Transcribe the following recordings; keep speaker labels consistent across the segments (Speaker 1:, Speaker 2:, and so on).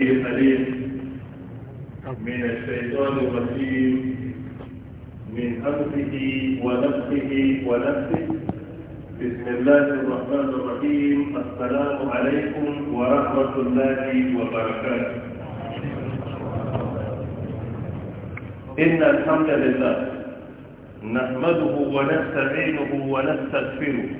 Speaker 1: الحليم نعم. من الشيطان الرجيم من أمسه ونفسه ونفسه بسم الله الرحمن الرحيم السلام عليكم ورحمة الله وبركاته إن الحمد لله نحمده ونستعينه ونستغفره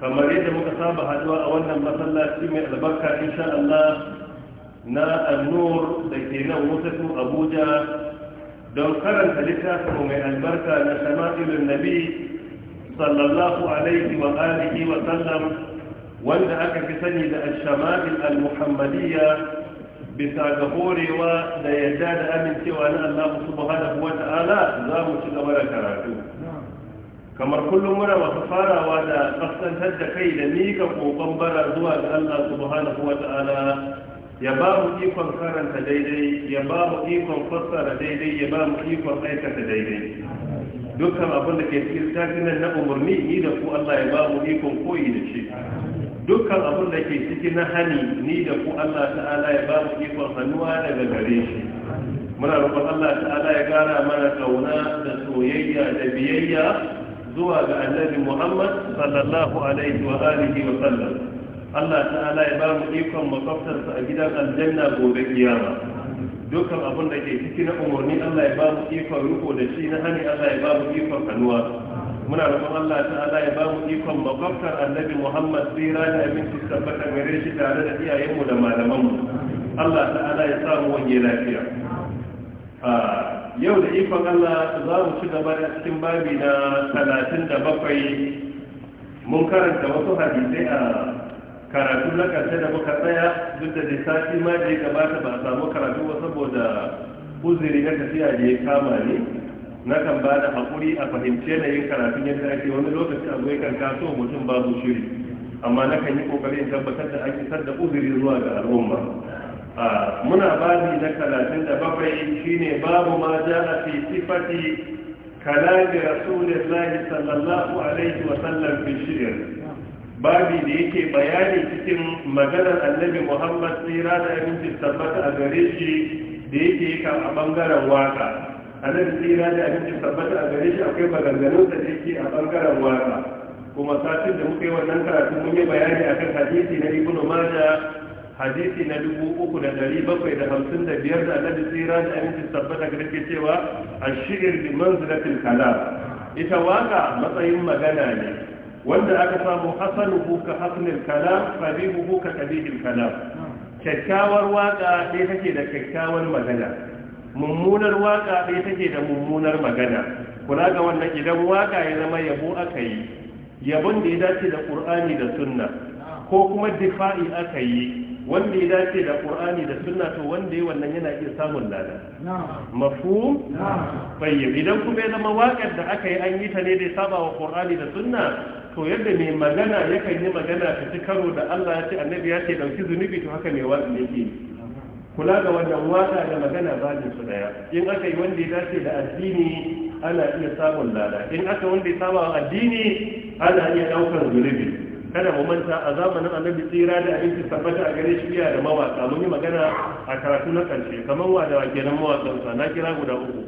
Speaker 1: kamar yadda muka saba haduwa a wannan masallaci mai albarka insha Allah na annur da ke nan wutatu abuja don karanta littafin mai albarka na shama'ilun nabi sallallahu alaihi wa alihi wa sallam wanda aka fi sani da al-shama'il al-muhammadiyya bisa ga horewa da yadda da amincewa na Allah subhanahu wa ta'ala za mu ci gaba da karatu kamar kullum muna masu farawa da tsaftantar da kai da mika kokon bara zuwa ga Allah subhanahu wa ta'ala ya ba mu ikon karanta daidai ya ba mu ikon fassara daidai ya ba mu ikon aikata daidai dukkan abin da ke cikin tafinan na umarni ni da ku Allah ya ba mu ikon koyi da shi dukkan abin da ke cikin na hani ni da ku Allah ta'ala ya ba mu ikon hannuwa daga gare shi muna roƙon Allah ta'ala ya gara mana kauna da soyayya da biyayya zuwa ga annabi muhammad sallallahu alaihi wa alihi wa sallam Allah ta'ala ya bamu ikon makwabtarsa a gidan aljanna gobe kiyama dukkan abin da ke ciki na umarni Allah ya bamu ikon riko da shi na hani Allah ya ba ikon hannuwa muna roƙon Allah ta'ala ya bamu ikon makwabtar annabi muhammad tsira da abinci tabbata gare shi tare da iyayenmu da malamanmu Allah ta'ala ya samu wani lafiya yau da ikon Allah za mu ci gaba da cikin babi na talatin da bakwai mun karanta wasu hadisai a karatu na ƙarshe da muka tsaya duk da lissafi ma da ya gabata ba a samu karatu ba saboda uzuri na tafiya da ya kama ne na kan ba da haƙuri a fahimce na yin karatun yadda ake wani lokaci a zuwa kan kaso mutum babu shiri amma na kan yi ƙoƙarin tabbatar da an isar da uzuri zuwa ga al'umma muna babi na talatin da bakwai shine babu ma ja a fi sifati kalami rasulillahi sallallahu alaihi wa sallam fi shi'ir babi da yake bayani cikin maganar annabi muhammad tsira da abincin tabbata a gare shi da yake kan a bangaren waka annabi tsira da abincin tabbata a gare shi akwai maganganun da yake a bangaren waka kuma satin da muke wannan karatu mun yi bayani akan hadisi na ibnu majah hadisi na dubu uku da dari bakwai da hamsin da biyar da annabi tsira da aminci tabbata ga ke cewa shirin liman manzilatil kalam ita waka matsayin magana ne wanda aka samu hasanuhu ka hasanil kalam qabihuhu ka kabihin kalam kyakkyawar waka ɗaya take da kyakkyawar magana mummunar waka ɗaya take da mummunar magana kula ga wannan idan waka ya zama yabo aka yi yabon da ya dace da ƙur'ani da sunna ko kuma difa'i aka yi wanda ya dace da qur'ani da sunna to wanda ya wannan yana iya samun lada mafhum tayyib idan kuma ya zama waƙar da aka yi an yi ta ne da saba wa qur'ani da sunna to yadda mai magana yakan yi magana ta ci karo da Allah ya ce annabi ya ce dauki zunubi to haka mai waƙa yake kula da wannan waƙa da magana bajin su daya in aka yi wanda ya dace da addini ana iya samun lada in aka wanda ya saba wa addini ana iya ɗaukar zunubi kada mu manta a zamanin annabi tsira da abinci tabbata a gare shi da mawaka mun yi magana a karatu na karshe kamar wa da nan mawakan sa na kira guda uku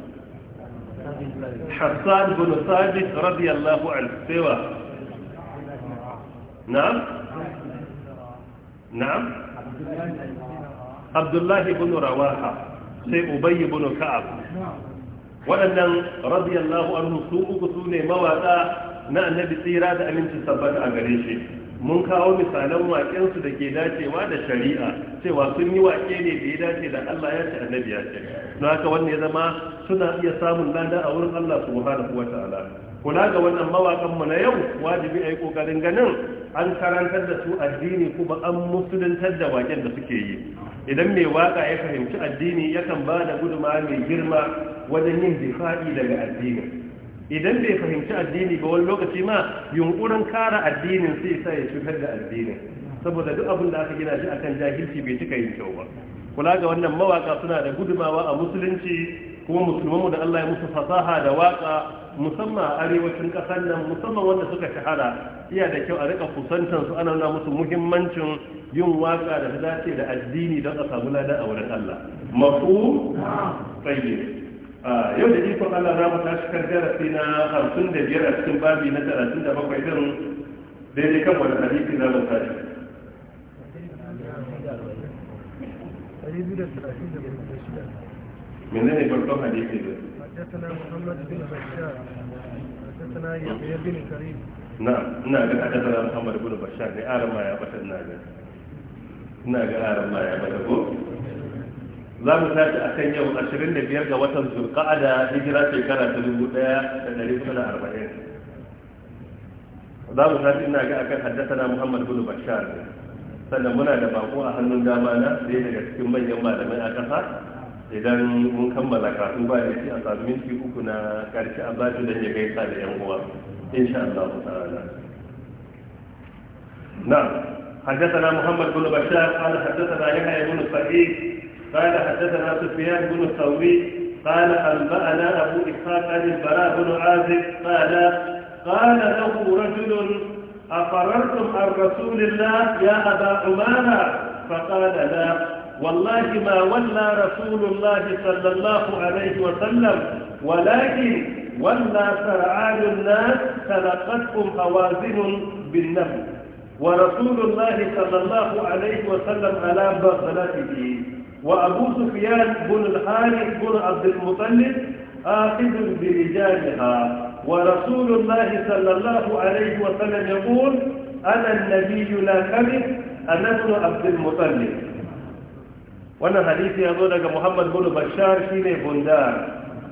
Speaker 1: Hassan bin Sabit radiyallahu anhu sewa na'am na'am Abdullah ibn Rawaha sai Ubay ibn Ka'ab waɗannan radiyallahu anhu su uku su ne mawaka na annabi tsira da aminci sabbata a gare shi mun kawo misalan waƙensu da ke dacewa da shari'a cewa sun yi waƙe ne da ya dace da Allah ya ce annabi ya ce don haka wannan ya zama suna iya samun lada a wurin Allah subhanahu wa ta'ala kula ga wannan mawaƙan mu na yau wajibi a yi ƙoƙarin ganin an karantar da su addini kuma an musuluntar da waƙen da suke yi idan mai waƙa ya fahimci addini yakan ba da guduma mai girma wajen yin difa'i daga addini. idan bai fahimci addini ba wani lokaci ma yunkurin kara addinin sai sa ya cutar da addinin saboda duk abin da aka gina shi akan jahilci bai cika yin kyau ba kula ga wannan mawaka suna da gudumawa a musulunci kuma musulmanmu da Allah ya musu fasaha da waka musamman a arewacin kasar nan musamman wanda suka shahara iya da kyau a rika kusantar su ana nuna musu muhimmancin yin waka da ta dace da addini don a samu lada a wurin Allah mafu tsaye yau da ikon Allah za mu tashi kan darasi na hamsin da biyar a cikin babi na talatin da bakwai din daidai kan wani hadisi za mu da? من farkon برقم حديثي حدثنا محمد بن بشار حدثنا يحيى بن كريم نعم نعم حدثنا محمد بن بشار لأعلم ما يا بشر نعم نعم أعلم ما يا بشر za mu tashi a kan yau 25 ga watan da hijira shekara ta 1440 za mu tashi ina ga akan haddasa muhammad bin bashar sannan muna da bako a hannun dama na sai daga cikin manyan malamai a ƙasa idan mun kammala kafin ba da shi a sami minti uku na ƙarshe a bashi don ya gaisa da yan uwa insha Allah ta'ala na حدثنا محمد بن بشار قال حدثنا يحيى بن سعيد قال حدثنا سفيان بن الثوري قال أنبأنا أبو إسحاق عن البراء بن عازب قال قال له رجل أقررتم عن رسول الله يا أبا عمانة فقال لا والله ما ولى رسول الله صلى الله عليه وسلم ولكن ولى سرعان الناس تلقتهم هوازن بالنبي ورسول الله صلى الله عليه وسلم على بغلته وأبو سفيان بن الحارث بن عبد المطلب آخذ برجالها ورسول الله صلى الله عليه وسلم يقول أنا النبي لا كذب أنا ابن عبد المطلب وانا حديث يقول لك محمد بن بشار شيني بندار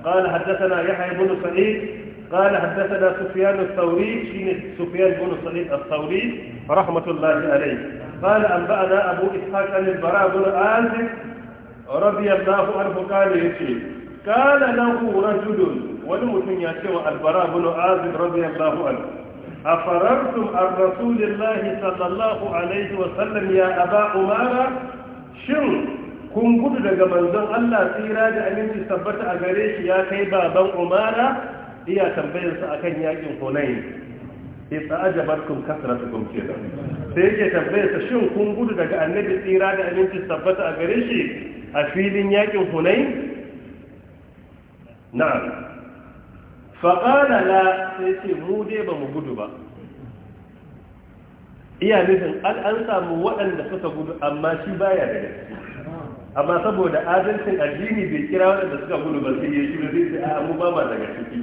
Speaker 1: قال حدثنا يحيى بن سعيد قال حدثنا سفيان الثوري شيني سفيان بن سعيد الثوري رحمة الله عليه قال أنبأنا أبو إسحاق بن البراء بن عازم radiyallahu anhu kana yace kana lahu rajulun wani mutum ya ce wa albara bin azib radiyallahu anhu afarartum an rasulillahi sallallahu alaihi wa sallam ya aba umara shin kun gudu daga manzon Allah tsira da aminci tabbata a gare shi ya kai baban umara iya tambayarsa akan yakin hunayn isa ajabarkum kasratukum kenan sai yake tambayarsa shin kun gudu daga annabi tsira da aminci tabbata a gare shi a filin yakin hunain na'am faƙana la sai ce mu dai ba mu gudu ba iya nufin an samu waɗanda suka gudu amma shi baya da gaske amma saboda adalcin addini bai kira waɗanda suka gudu ba sai ya shi zai ce a mu ba ma daga ciki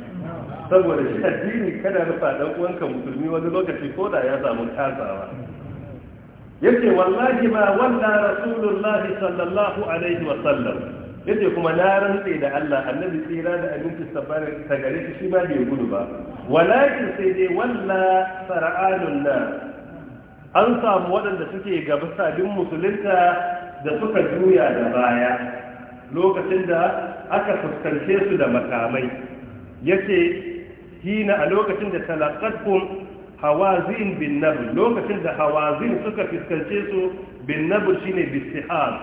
Speaker 1: saboda shi addini kada rufa ɗan uwanka musulmi wani lokaci ko da ya samu tasawa
Speaker 2: yace wallahi ma
Speaker 1: walla rasulullahi sallallahu alaihi wa sallam yace kuma na rantse da Allah annabi tsira da abinci sabbara ta gare shi shi ba bai gudu ba walakin sai dai walla sar'anun nas an samu waɗanda suke gaba sabin musulunta da suka juya da baya lokacin da aka fuskance su da makamai yace hina a lokacin da talaqatkum hawazin bin nabl lokacin da hawazin suka fiskance su bin nabl shine bistihar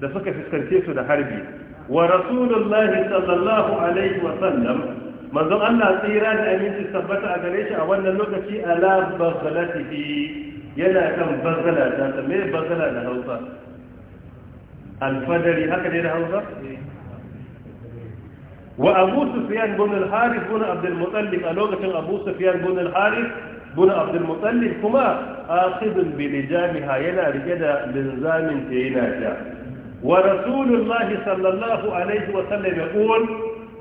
Speaker 1: da suka fiskance su da harbi wa rasulullahi sallallahu alaihi wa sallam manzon Allah tsira da aminci tabbata a gare shi a wannan lokaci ala baghlatihi yana kan bazala ta ta me bazala da Hausa alfadari haka ne da Hausa wa abu sufyan bin al-harith bin abd al-muttalib a lokacin abu sufyan bin al-harith bin abdulmutallif kuma akhidun bi lijamiha yana rike da linzamin ta yana ja wa rasulullahi sallallahu alaihi wa sallam yaqul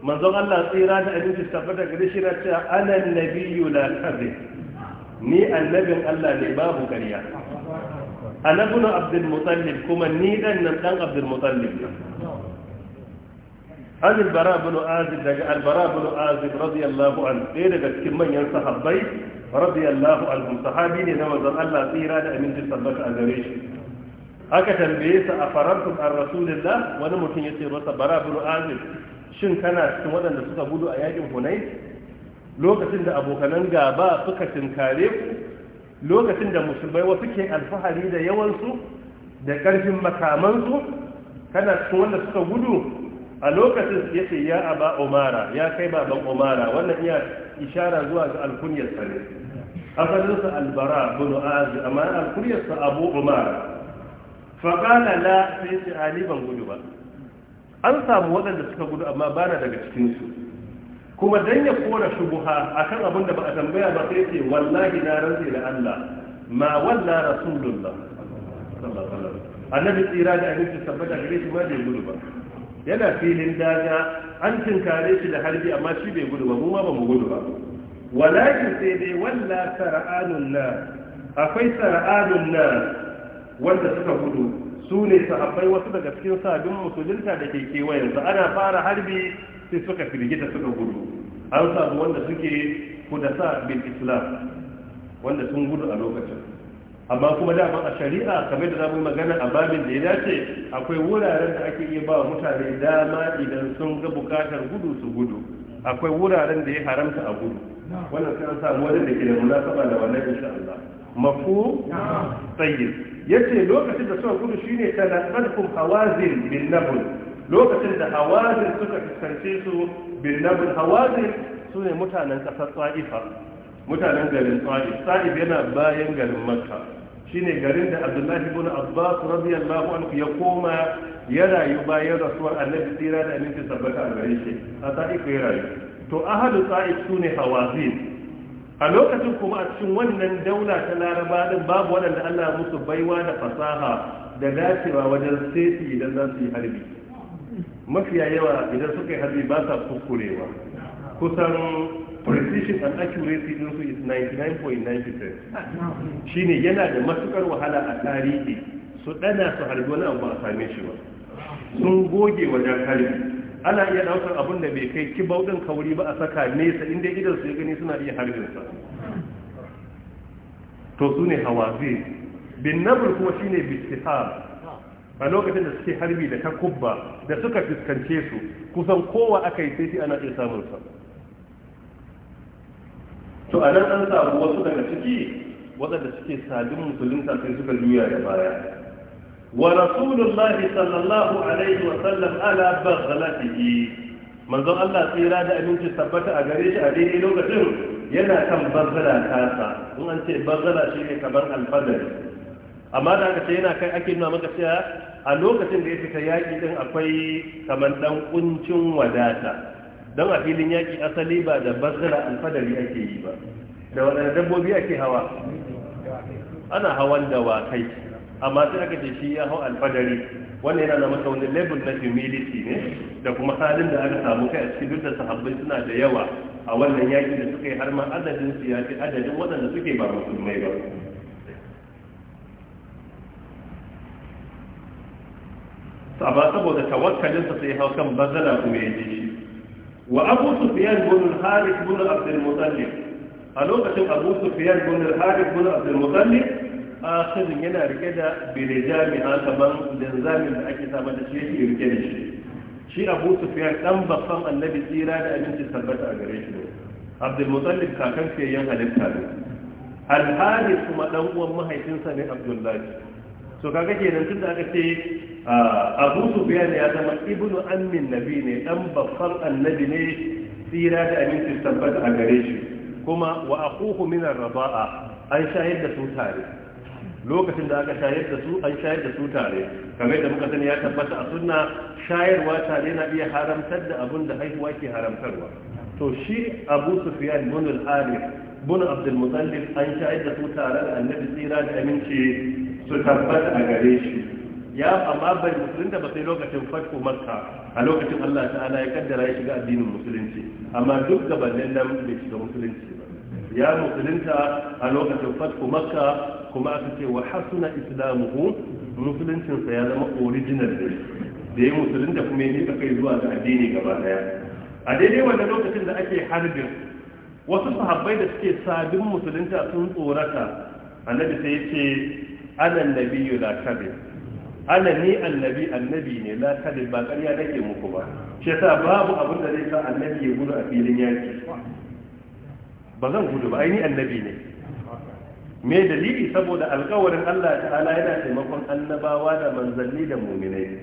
Speaker 1: manzon Allah tsira da abinci tabbata gare shi na cewa ana nabiyyu la kadhib ni annabin Allah ne babu ƙarya ana bin abdulmutallif kuma ni dan nan dan abdulmutallif ne an Bara bin azib daga albara bin azib radiyallahu anhu ɗaya daga cikin manyan sahabbai radiyallahu anhu sahabi ne na manzon Allah tsira da aminci sallaka a gare shi aka tambaye sa a farantum an rasulillah wani mutum ya ce masa bara bin azib shin kana cikin waɗanda suka gudu a yakin hunai lokacin da abokanan gaba suka tinkare ku lokacin da musulmai wasu ke alfahari da yawansu da ƙarfin makamansu kana cikin wanda suka gudu a lokacin ya ce ya aba umara ya kai baban umara wannan iya ishara zuwa ga alkunyar sa ne asalinsa albara bin azi amma alkunyar su abu umara fa la sai ce ali gudu ba an samu waɗanda suka gudu amma ba na daga cikin su kuma dan ya kora shubuha akan abin da ba a tambaya ba sai ce wallahi na rantsi da Allah ma walla rasulullah sallallahu alaihi wasallam annabi tsira da abinci tabbata gare shi ma da gudu ba yana filin daga an tinkare shi da harbi amma shi bai gudu ba mu ma ba mu gudu ba walaki sai dai walla sara'anun na akwai sara'anun na wanda suka gudu su ne sahabbai wasu daga cikin sabbin musulunta da ke kewayen su ana fara harbi sai suka firgita suka gudu an samu wanda suke kudasa bin islam wanda sun gudu a lokacin amma kuma da, a shari'a kamar da zamu magana a babin da ya dace akwai wuraren da ake iya ba mutane dama idan sun ga bukatar gudu su gudu akwai wuraren da ya haramta a gudu wannan sai an samu wajen da ke da munasaba da wannan insha Allah mafu tayyib yace lokacin da suka gudu shine tanaqadkum hawazin bin nabul lokacin da hawazin suka fuskance su bin nabl hawazin ne mutanen kasar tsa'ifa, mutanen garin Taif Taif yana bayan garin Makka shine garin da abdullahi ibn abbas radiyallahu anhu ya koma ya rayu bayan rasuwar annabi tsira da aminci sabbata a gare shi a ta'if ya rayu to ahadu Sa'id sune hawazin a lokacin kuma a cikin wannan daula ta laraba din babu waɗanda Allah musu baiwa da fasaha da dacewa wajen sefi idan za su yi harbi mafiya yawa idan suka yi harbi ba sa kukurewa kusan precision and accuracy din is 99.9% shine yana da matukar wahala a tarihi su dana su harbi wani abu ba a same shi ba sun goge wajen kare. ana iya daukar abun da bai kai kibau din kauri ba a saka nesa inda idan su ya gani suna iya harbin sa to su ne hawazi bin nabul kuma shine bistihab a lokacin da suke harbi da takubba da suka fuskance su kusan kowa aka yi sai ana iya samun sa to a nan an samu wasu daga ciki waɗanda suke sadin musulunta sai suka juya da baya wa rasulullahi sallallahu alaihi wa sallam ala baghlatihi manzon Allah sai ya da aminci tabbata a gare shi a daidai lokacin yana kan bazzala tasa in an ce bazzala shi ne kamar alfadar amma da aka ce yana kai ake nuna maka cewa a lokacin da ya fita yaƙi din akwai kamar ɗan kuncin wadata don a filin yaki asali ba da basira alfadari ake yi ba da wadanda dabbobi ake hawa ana hawan kai, amma sai aka ce shi ya hau alfadari wannan yana maka wani level na humility ne da kuma halin da aka samu kai a cikin duk da sahabbai suna da yawa a wannan yaki da suka yi har ma adadin su ya fi adadin waɗanda suke ba musulmai ba saboda tawakkalinsa sai hau kan bazara, kuma ya ji shi wa abu sufiyan bin al-harith bin muttalib a lokacin abu sufiyan bin al-harith bin abdul muttalib akhirin yana rike da bilijami a kaman linzamin da ake samar da shi yake rike da shi shi abu sufiyan dan babban annabi tsira da abinci salbata a gare shi abdul muttalib kakan fiyayyen halitta ne al-harith kuma dan uwan mahaifinsa ne abdullahi to kaga kenan tunda aka ce abu sufyan ya zama ibnu amin nabi ne dan babban annabi ne tsira da amincin tabbata a gare shi kuma wa akuhu min an shayar da su tare lokacin da aka shayar da su an shayar da su tare kamar da muka sani ya tabbata a sunna shayarwa tare na iya haramtar da abun da haihuwa ke haramtarwa to shi abu sufyan bin al-harith abdul an shayar da su tare da annabi tsira da aminci su tabbata a gare shi ya amma bai musulunta ba sai lokacin fatko makka a lokacin Allah ta'ala ya kaddara ya shiga addinin musulunci amma duk gabanin nan bai shiga musulunci ba ya musulunta a lokacin fatko makka kuma aka ce wa hasuna islamuhu musuluncinsa ya zama original ne da ya musulunta kuma ya nika kai zuwa ga addini gaba daya a daidai wannan lokacin da ake harbin wasu sahabbai da suke sabin musulunta sun tsorata annabi sai ya ce ana nabi la kadhib ana ni annabi annabi ne la ba ƙarya nake muku ba shi sa babu abin da zai sa annabi ya gudu a filin yaki ba zan gudu ba aini annabi ne me dalili saboda alkawarin Allah ta'ala yana taimakon annabawa da manzanni da muminai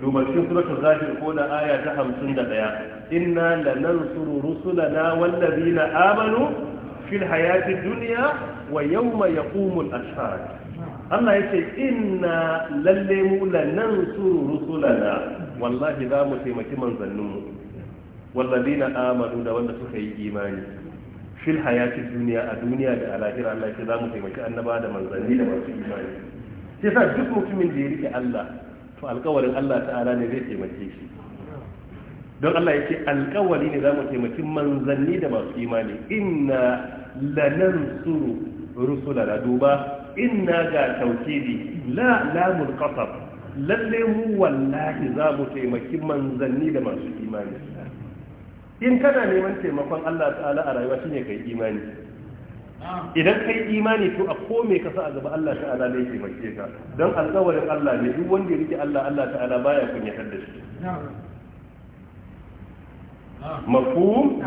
Speaker 1: duba cikin suratul zafir ko da aya ta 51 inna lanansuru rusulana wallazina amanu fil hayati dunya wa yawma yaqumul ashhad Allah ya ce inna lalle mu lanan suru rusulana wallahi za mu taimaki manzanninmu wallazina amanu da wanda suka yi imani fil hayati duniya a duniya da alahira Allah ya ce za mu taimaki annaba da manzanni da masu imani sai sa duk mutumin da ya rike Allah to alƙawarin Allah ta'ala ne zai taimake shi don Allah ya ce alƙawari ne za mu taimaki manzanni da masu imani inna lanan suru rusulana duba inna ga tauhidi la lamun qasab lalle mu wallahi za mu taimaki manzanni da masu imani in kana neman taimakon Allah ta'ala a rayuwa shine kai imani idan kai imani to a kome ka sa a gaba Allah ta'ala ne taimake ka don alƙawarin Allah ne duk wanda ya rike Allah Allah ta'ala baya kunyatar da shi
Speaker 2: mafhum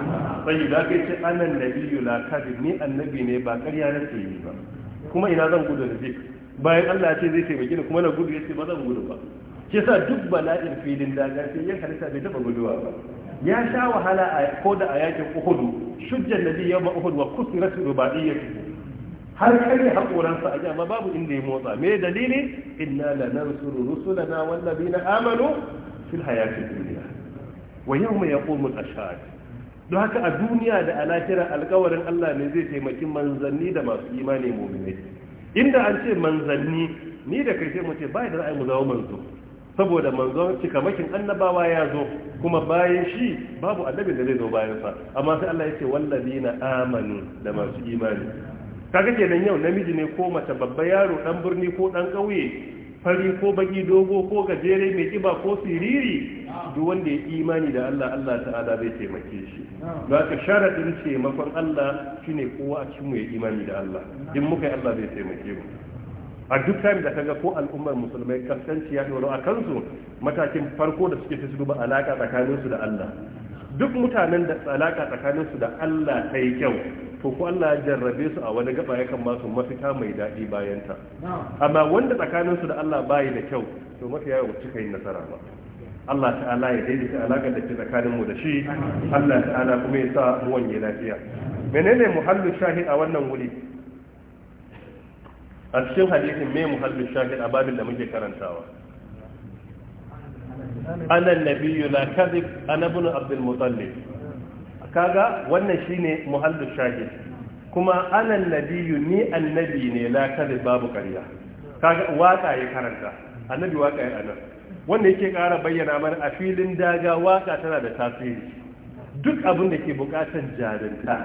Speaker 2: sai da
Speaker 1: kai ce anan nabiyyu la ni annabi ne ba ƙarya nake yi ba kuma ina zan gudu da bi bayan Allah ce zai taimake ni kuma na gudu yace ba zan gudu ba Ke sa duk bala'in filin daga sai yan halitta bai taba guduwa ba ya sha wahala a ko da a yakin uhudu shujjan nabi ba uhud wa kusirat rubaiyatu har kai sa a jama babu inda ya motsa me dalili inna la nansuru rusulana wal ladina amanu fil hayati dunya wa yawma yaqumu ashhad don haka a duniya da a lahira alkawarin Allah ne zai taimaki manzanni da masu imani mu'minai inda an ce manzanni ni da kai sai mu ce bai da ra'ayi mu zama manzo saboda manzo cikamakin annabawa ya zo kuma bayan shi babu annabi da zai zo bayan sa amma sai Allah ya ce wallazina amanu da masu imani kaga kenan yau namiji ne ko mace babba yaro dan birni ko dan kauye fari ko baki dogo ko gajere mai kiba ko siriri duk wanda ya imani da Allah Allah ta'ala zai taimake shi ba ka sharadin taimakon Allah shine kowa a cikin mu ya imani da Allah in muka Allah bai taimake mu a duk time da kaga ko al'ummar musulmai kasance ya dora a kansu matakin farko da suke ta su duba alaka tsakaninsu da Allah duk mutanen da alaka su da Allah ta yi kyau to ko Allah ya jarrabe su a wani gaba yakan ba su mafita mai daɗi bayan ta amma wanda tsakanin su da Allah bayi da kyau to mafi yawa cika yin nasara ba Allah ta'ala ya daidaita alaƙar da ke tsakanin mu da shi Allah ta'ala kuma ya sa mu wanye lafiya menene muhallu shahid a wannan wuri a cikin hadisin me muhallu shahid a babin da muke karantawa ana nabiyyu la kadhib ana ibn abdul muttalib kaga wannan shine muhallu shahid kuma anan nabiyyu ni annabi ne la kadhib babu ƙarya kaga waka ya karanta annabi waka ya anan wanda yake ƙara bayyana mana a filin daga waka tana da tasiri duk abin da ke buƙatar jarinta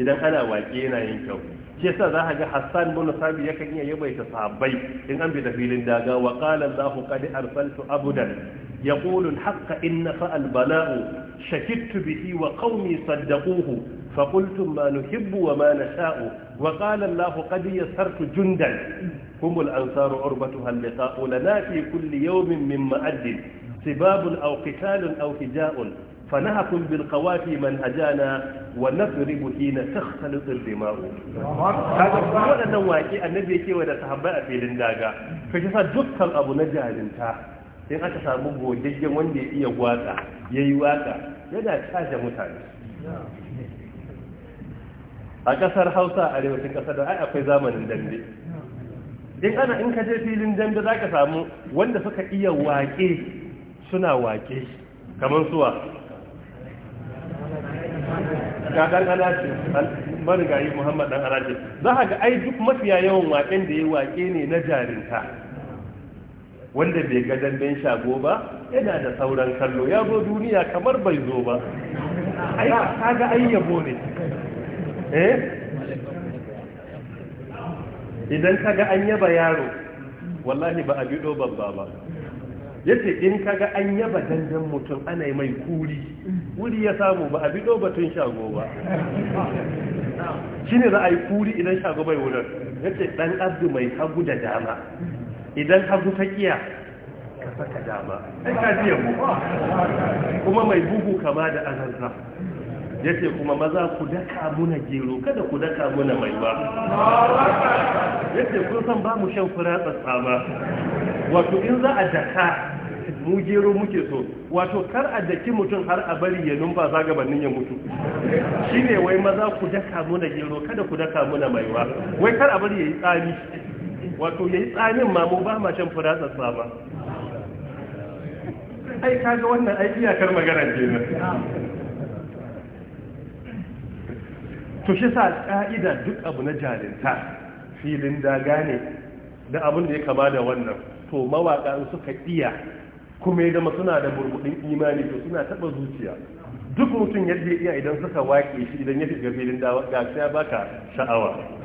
Speaker 1: idan ana waƙe yana yin kyau shi yasa za a ga Hassan bin Sabi yakan iya yabaita sahabbai in an bi da filin daga wa za ku qad arsaltu abudan يقول الحق إن فالبلاء شكدت به وقومي صدقوه فقلتم ما نحب وما نشاء وقال الله قد يسرت جندا هم الأنصار عربتها اللقاء لنا في كل يوم من مأد سباب أو قتال أو هجاء فنهكم بالقوافي من هجانا ونضرب حين تختلط الدماء هذا هو النواكي النبي كي ودا صحابه في لنداغا فشي دكان ابو نجاهلنتا in aka samu gogaggen wanda ya iya waka ya yi waka yana caja mutane a kasar hausa a arewacin kasar da ai akwai zamanin dambe in ana in ka je filin dambe za ka samu wanda suka iya wake suna wake kamar suwa gagar dan alaji marigayi muhammadan dan alaji za ka ga ai duk mafiya yawan waken da ya wake ne na jarinta wanda bai ga damben shago ba yana da sauran kallo ya zo duniya kamar bai zo ba
Speaker 2: ai ka ga ai yabo ne eh
Speaker 1: idan ka ga an yaba yaro wallahi ba a bido babba ba yace in ka ga an yaba dandan mutum ana mai kuri wuri ya samu ba a bido batun shago ba shine za a kuri idan shago bai wurin yace dan abdu mai hagu da dama idan hagu ta kiya ka saka dama Ai ka ji mu kuma mai bugu kama da azazza yace kuma maza ku daka muna gero kada ku daka muna mai ba yace kun san ba mu shan fura tsatsa ba wato in za a daka mu gero muke so wato kar a daki mutum har a bari ya numfasa gabanin ya mutu shine wai maza ku daka muna gero kada ku daka muna maiwa wai kar a bari ya yi tsari wato ya yi tsamin ma mu ba ma shan fura tsatsa ba ai kaga wannan ai iyakar magana nan to shi sa ka'ida duk abu na jarinta filin daga ne da abin da ya kama da wannan to mawaka suka iya kuma ya zama suna da burbudin imani to suna taba zuciya duk mutum yadda ya iya idan suka waƙe shi idan ya ga filin daga ya baka sha'awa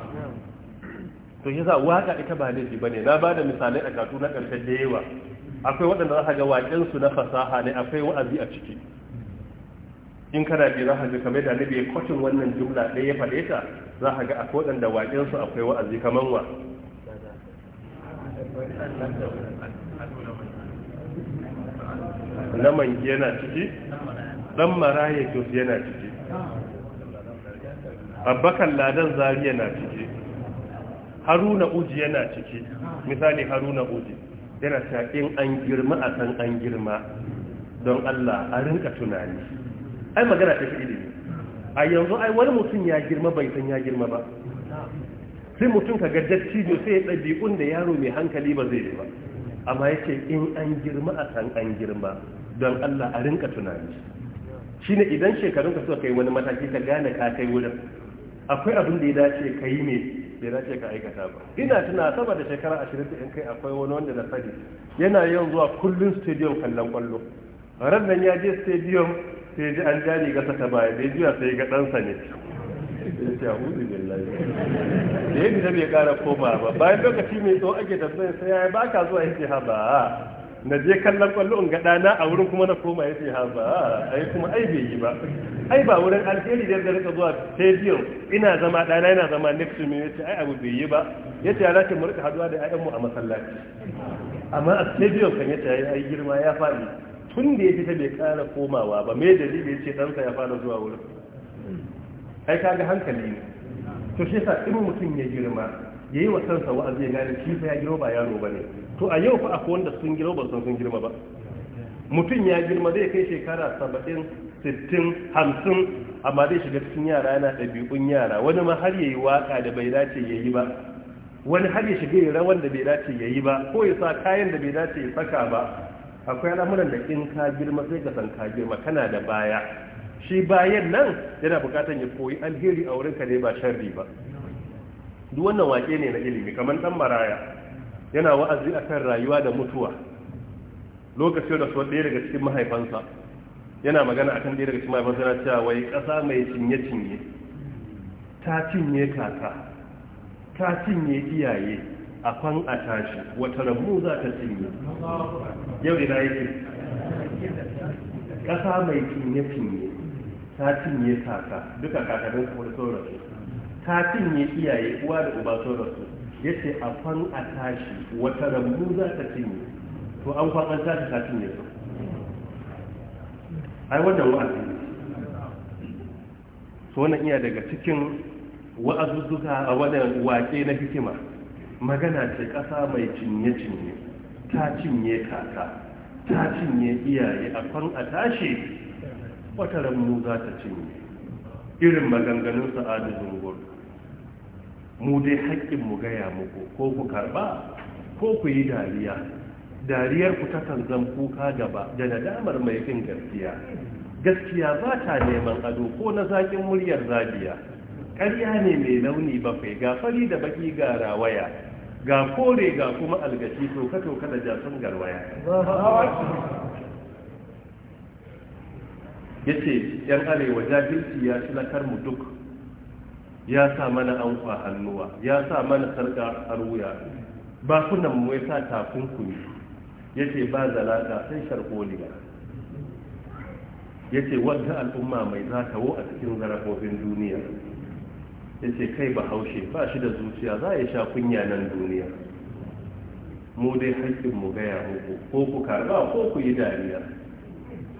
Speaker 1: to shi sa waka ita ba laifi ba ne na ba da misalai a katu na ƙarshe da yawa akwai waɗanda za ga waƙensu na fasaha ne akwai wa'azi a ciki in kana bi za ka ga kamar da nabi ya kwacin wannan jumla ɗaya ya faɗe ta za ka ga akwai waɗanda waƙensu akwai wa'azi kamar wa
Speaker 2: naman yana ciki ɗan maraya jos yana
Speaker 1: ciki abbakan ladan zariya na ciki haruna uji yana ciki misali haruna uji yana cewa an girma a san an girma don Allah a rinka tunani ai magana ta fi ilimi a yanzu ai wani mutum ya girma bai san ya girma ba sai mutum ka ga dattijo sai ya ɗabi'un da yaro mai hankali ba zai ba amma yake in an girma a san an girma don Allah a rinka tunani shine idan shekarunka suka kai wani mataki ka gane ka kai wurin akwai abin da ya dace ka yi ne ya dace ka aikata ba ina tuna sama da shekara ashirin da in kai akwai wani wanda na sani yana yawan zuwa kullum stadium kallon kwallo ran nan ya je stadium sai ya ji an ja riga ta baya da ya juya sai ga ɗansa ne ya ce da ya fita bai kara koma ba bayan lokaci mai tsawo ake tambayar sai ya ba ka zuwa yake ha na je kallon kwallo in ga na a wurin kuma na koma ya ce ha ba yi kuma ai bai yi ba ai ba wurin alheri da ya rika zuwa stadium ina zama ɗana yana zama next to me ya ce ai abu bai yi ba ya ce ya mu rika haduwa da ƴaƴanmu a masallaci amma a stadium kan ya ce ai girma ya faɗi tun da ya fita bai ƙara komawa ba me dalili ya ce ɗansa ya fara zuwa wurin ai ka ga hankali ne to shi yasa in mutum ya girma ya yi wa kansa wa'azi ya gane shi ya girma ba yaro ne to a yau fa akwai wanda sun girma ba sun girma ba mutum ya girma zai kai shekara saba'in sittin hamsin amma zai shiga cikin yara yana ɗabi'un yara wani ma har yayi waka da bai dace ya yi ba wani har ya shiga yi rawan da bai dace ya yi ba ko ya sa kayan da bai dace ya saka ba akwai al'amuran da in ka girma sai ka san ka girma kana da baya shi bayan nan yana bukatan ya koyi alheri a wurinka ne ba sharri ba duk wannan wake ne na ilimi kamar dan maraya yana wa'azi akan rayuwa da mutuwa lokaci da su ɗaya daga cikin mahaifansa yana magana akan ɗaya daga cikin mahaifansa yana cewa wai ƙasa mai cinye-cinye ta cinye kaka ta cinye iyaye a kwan a tashi wata rabu za ta cinye
Speaker 2: yau ina yake
Speaker 1: ƙasa mai cinye-cinye ta cinye kaka duka kakarin kuma sauransu ta cinye iyaye uwa da uba sauransu ya ce a fan a tashi wata rambu za ta cinye to an kwan an tashi ta cinye su ai wannan wa'azi ne so wannan iya daga cikin wa'azuzzuka a wannan wake na hikima magana ce ƙasa mai cinye-cinye ta cinye kaka ta cinye iyaye a kwan a tashi wata rambu za ta cinye irin maganganun sa'adu zungurka mu dai haƙƙin mu gaya muku ko ku karba ko ku yi dariya dariyar ku ta kan kuka gaba da nadamar mai fin gaskiya gaskiya ba ta neman ado ko na zaƙin muryar zabiya ƙarya ne mai launi bakwai ga fari da baki ga rawaya ga kore ga kuma algashi toka-toka da jasun garwaya ya ce ‘yan arewa jahilci ya na mu duk ya sa mana an hannuwa ya sa mana sarka har wuya ba kunan mu ya sa takunkumi yace ba zalaka sai sharkoliya yace wadda al'umma mai za ta wo a cikin zarafofin duniya yace kai ba haushe ba shi da zuciya za ya sha kunya nan duniya mu dai haƙƙin mu gaya muku ko ku karba ko ku yi dariya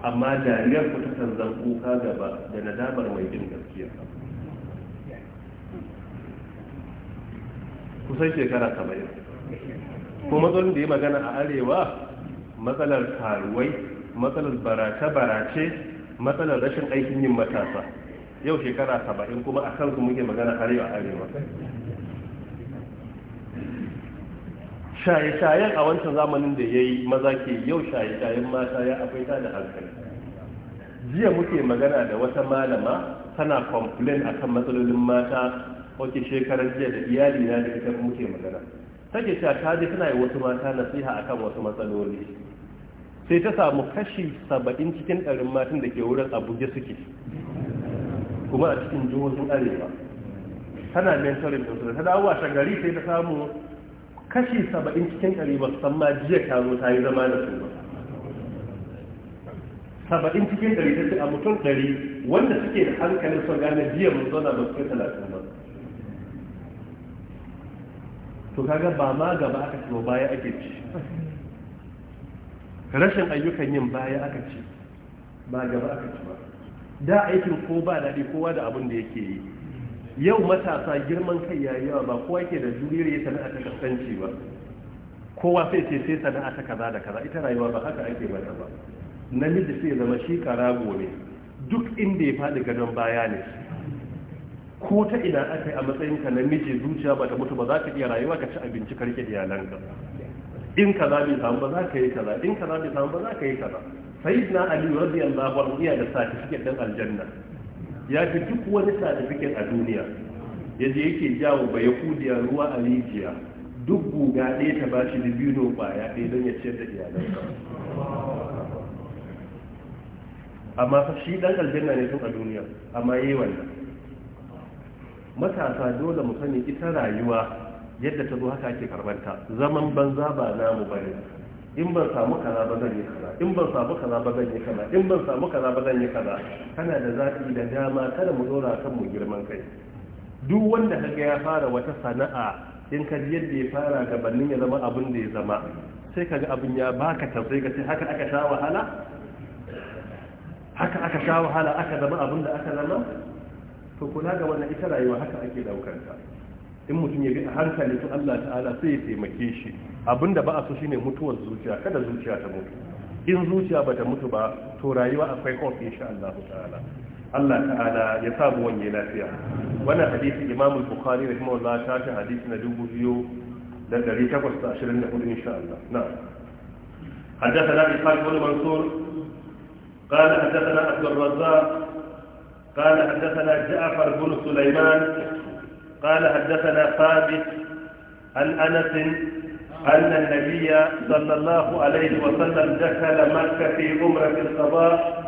Speaker 1: amma dariyar ku ta zan kuka gaba da nadamar mai jin gaskiya kusan shekara saba'in ko matsalolin da yi magana a arewa matsalar karuwai matsalar barace-barace matsalar rashin aikin yin matasa yau shekara saba'in kuma a kansu muke magana arewa arewa shaye-shayen a wancan zamanin da ya yi maza ke yau shaye-shayen mata ya akwai ta da hankali jiya muke magana da wata malama tana complain akan matsalolin mata wace shekarar jiya da iyali na da ita muke magana take cewa ta ji tana yi wasu mata nasiha akan wasu matsaloli sai ta samu kashi saba'in cikin ɗarin matan da ke wurin abuja suke kuma a cikin jihohin arewa tana mentoring da su ta dawo a shagari sai ta samu kashi saba'in cikin ɗari ba san ma jiya ta zo ta yi zama da su ba saba'in cikin ɗari ta ce a mutum ɗari wanda suke da hankalin sun gane jiya mun zauna ba su kai talatin ba to kaga ba ma gaba aka ce baya ake ci rashin ayyukan yin baya aka ce ba gaba aka ci ba da aikin ko ba daɗi kowa da abin da yake yi yau matasa girman kai yayi yawa ba kowa ke da juriyar ya sana'a ta kasance ba kowa sai ce sai sana'a ta kaza da kaza ita rayuwa ba haka ake mata ba namiji sai zama shi karago ne duk inda ya faɗi gadon baya ne ko ta ina aka yi a matsayin ka na miji zuciya ba ta mutu ba za ka iya rayuwa ka ci abinci ka rike iyalanka in kaza zabi samu ba za ka yi kaza in ka zabi samu ba za ka yi kaza sayyidina ali radiyallahu anhu iya da certificate din aljanna ya fi duk wani certificate a duniya yaje yake jawo ba kudiya ruwa a rijiya duk guga ɗaya ta bashi ba ya ɗaya don ya ciyar da ka amma fa shi dan aljanna ne tun a duniya amma yayi wannan matasa dole mu sani ita rayuwa yadda ta zo haka ake karbanta zaman banza ba namu ba ne, in ban samu kaza ba zan yi kaza in ban samu kaza ba zan yi kaza in ban samu kaza ba zan yi kaza kana da zafi da dama kada mu dora kan mu girman kai duk wanda kaga ya fara wata sana'a in ka ji yadda ya fara gabanin ya zama abin da ya zama sai kaga abin ya baka tausayi ka ce haka aka sha wahala haka aka sha wahala aka zama abin da aka zama to kula ga wannan ita rayuwa haka ake daukanta in mutum ya bi a hankali to Allah ta'ala sai ya taimake shi abinda ba a so shine mutuwar zuciya kada zuciya ta mutu in zuciya bata mutu ba to rayuwa akwai hope insha Allah ta'ala Allah ta'ala ya sa mu wanye lafiya wannan hadisi Imam al-Bukhari rahimahullah ta ta hadisi na 2824 insha Allah isa حدثنا إسحاق بن منصور قال حدثنا عبد الرزاق قال حدثنا جعفر بن سليمان قال حدثنا ثابت عن انس ان النبي صلى الله عليه وسلم دخل مكه في عمره القضاء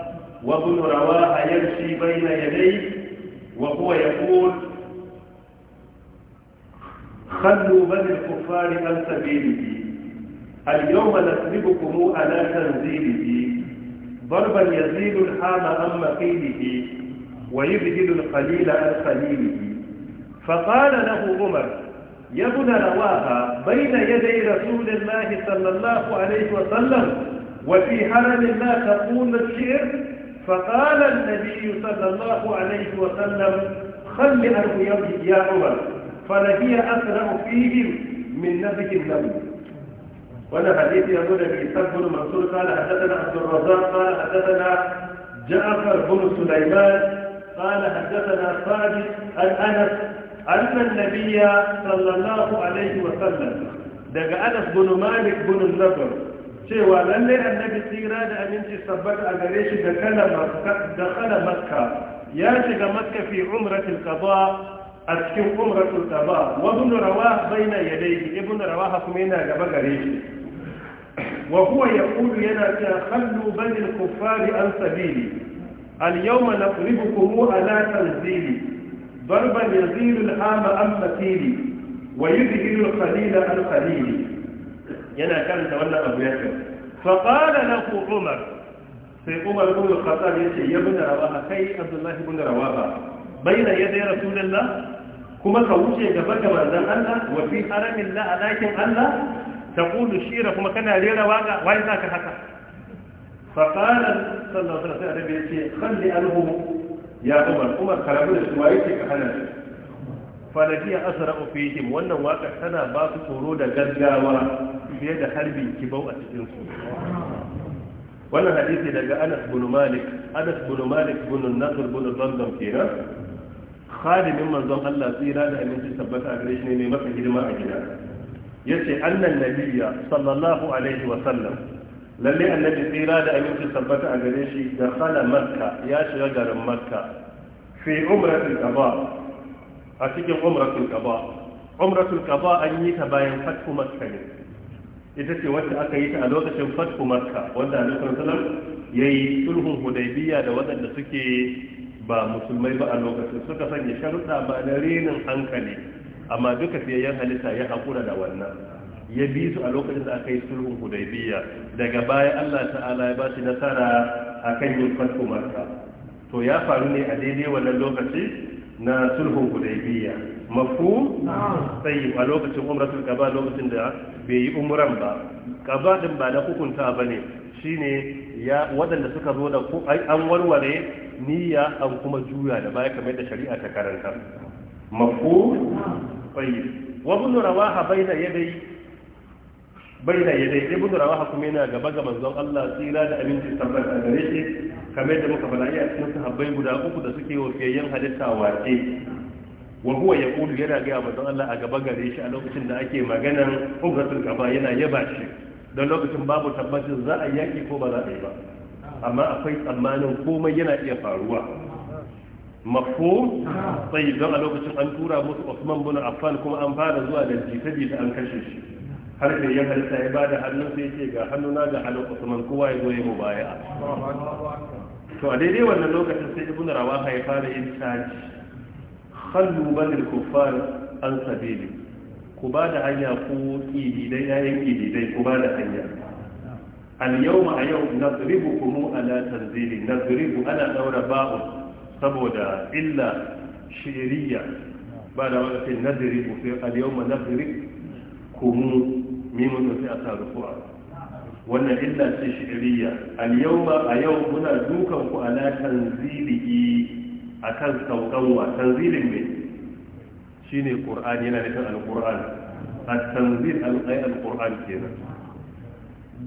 Speaker 1: وابن رواه يمشي بين يديه وهو يقول خلوا بني الكفار عن سبيله اليوم نسلبكم على تنزيله ضربا يزيد الحام عن مقيله ويبدل القليل عن قليله فقال له عمر يا ابن رواها بين يدي رسول الله صلى الله عليه وسلم وفي حرم ما تقول الشعر فقال النبي صلى الله عليه وسلم خل عنه يا عمر فلهي أسرع فيهم من نفه النبي وانا حديث يقول ابي اسحاق بن منصور قال حدثنا عبد الرزاق قال حدثنا جعفر بن سليمان قال حدثنا na عن انس ان النبي صلى الله عليه وسلم دغ انس بن مالك بن النضر cewa lallai annabi tsira da aminci sabbata a gare shi da kala makka ya shiga makka fi umratul qada a cikin umratul qada wa ibn rawah baina yadayhi ibn rawah kuma yana gaba gare shi wa huwa yaqulu yana ta khallu bani al-kuffari an sabili al-yawma nafribukum ala tanzili ضربا يزيل الهام عن مثيلي ويذهل القليل عن قليلي yana karanta wannan abu ya kyau faƙada na ku umar sai umar ibn khattab ya ce ya bin rawaha kai abdullah ibn rawaha baina yada ya rasulullah kuma ka wuce gaba ga manzon Allah wa fi haramin la alakin Allah taqulu shira kuma kana rera waka wai haka faƙanan sannan suna sai annabi ya ce kalli an hulu ya umar umar karabi da suwa yake ka hana su fanafiya asara ofishin wannan waka tana ba su tsoro da gaggawa fiye da harbin kibau a cikin su hadisi daga anas bin anas bin malik bin nasr bin kenan khadimin manzon Allah tsira da aminci tabbata a gare shi ne mai masa hidima a gida yace annan nabiyya sallallahu alaihi wa sallam lalle annabi tsira da aminci tabbata a gare shi da khala makka ya shiga garin makka fi umratul qaba a cikin umratul qaba umratul qaba an yi ta bayan fatu makka ne ita ce wanda aka yi ta a lokacin fatu makka wanda a lokacin ya yayi sulhun hudaybiya da waɗanda suke ba musulmai ba a lokacin suka sanya sharuɗa ba na renin hankali amma duka 'yan halitta ya haƙura da wannan ya bi su a lokacin da aka yi sulhun hudaybiya daga baya Allah ta'ala ya ba shi nasara akan yin makka to ya faru ne a daidai wannan lokaci na sulhun hudaybiya mafu sai a lokacin umratul kaba lokacin da bai yi umran ba kaba din ba na hukunta ba ne. shine ya waɗanda suka zo da an warware niyya an kuma juya da baya kamar da shari'a ta karanta mafu tayyib wa bunu rawaha bayna yadai bai ya dai ibnu rawaha kuma yana gaba ga manzon Allah tsira da aminci tabbata a gare shi kamar da muka bala'i a cikin sahabbai guda uku da suke wafiyayyen halitta wace wa huwa yaqulu yana ga manzon Allah a gaba gare shi a lokacin da ake maganar ugratul kaba yana yaba shi don lokacin babu tabbacin za a yaki ko ba za a yi ba amma akwai tsammanin komai yana iya faruwa mafhum sai don a lokacin an tura musu Usman bin Affan kuma an fara zuwa da jita-jita an kashe shi har da ya halitta ya ba da hannun sai ce ga hannuna ga hannun usman kowa ya zo mu baya to a daidai wannan lokacin sai ibn rawaha ya fara yin caji khallu banil kuffar an sabili ku ba da hanya ku kididai yayin kididai ku ba da hanya اليوم أيوم نضربكم على تنزيل نضرب ana daura باء saboda illa shiriya ba da wani nadiri bufe al-yawma nadiri kumu mimun da sai a sa rufu'a wannan illa ce shi'iriya al ba a yau muna dukan ku ala tanzilihi akan saukanwa tanzilin ne shine qur'ani yana nufin al-qur'an at-tanzil al-qay al-qur'an kenan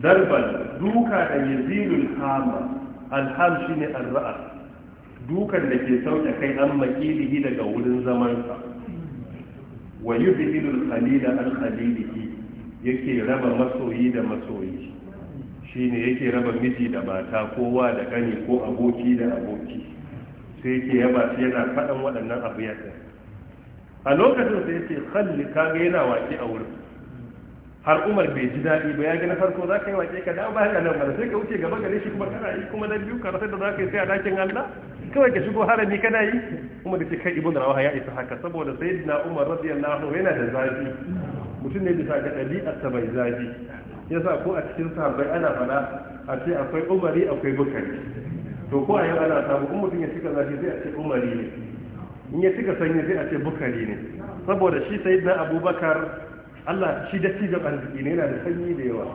Speaker 1: darban duka da yazilul hama al-ham shine ar raa dukan da ke sauke kai an makilihi daga wurin zamansa wa yubhilul khalila al-khalilihi yake raba masoyi da masoyi shine yake raba miji da mata kowa da ƙani ko aboki da aboki sai yake yaba shi yana faɗan waɗannan abu ya a lokacin sai ce kalli kaga yana wake a wurin har umar bai ji daɗi ba ya gina farko za ka yi wake ka dawo ba ya nan ba sai ka wuce gaba gare shi kuma kana yi kuma na biyu karasar da za ka yi sai a ɗakin allah kawai ka shigo harami kana yi kuma da ce kai ibn rawaha ya isa haka saboda sayyidina umar radiyallahu anhu yana da zafi mutum ne bisa ga ɗabi'arsa mai zafi yasa ko a cikin sahabbai ana fada a ce akwai umari akwai bukari to ko a yau ana samu kuma mutum ya cika zafi zai a ce umari ne in ya cika sanyi zai a ce bukari ne saboda shi sai na abubakar Allah shi dattijan arziki ne yana da sanyi da yawa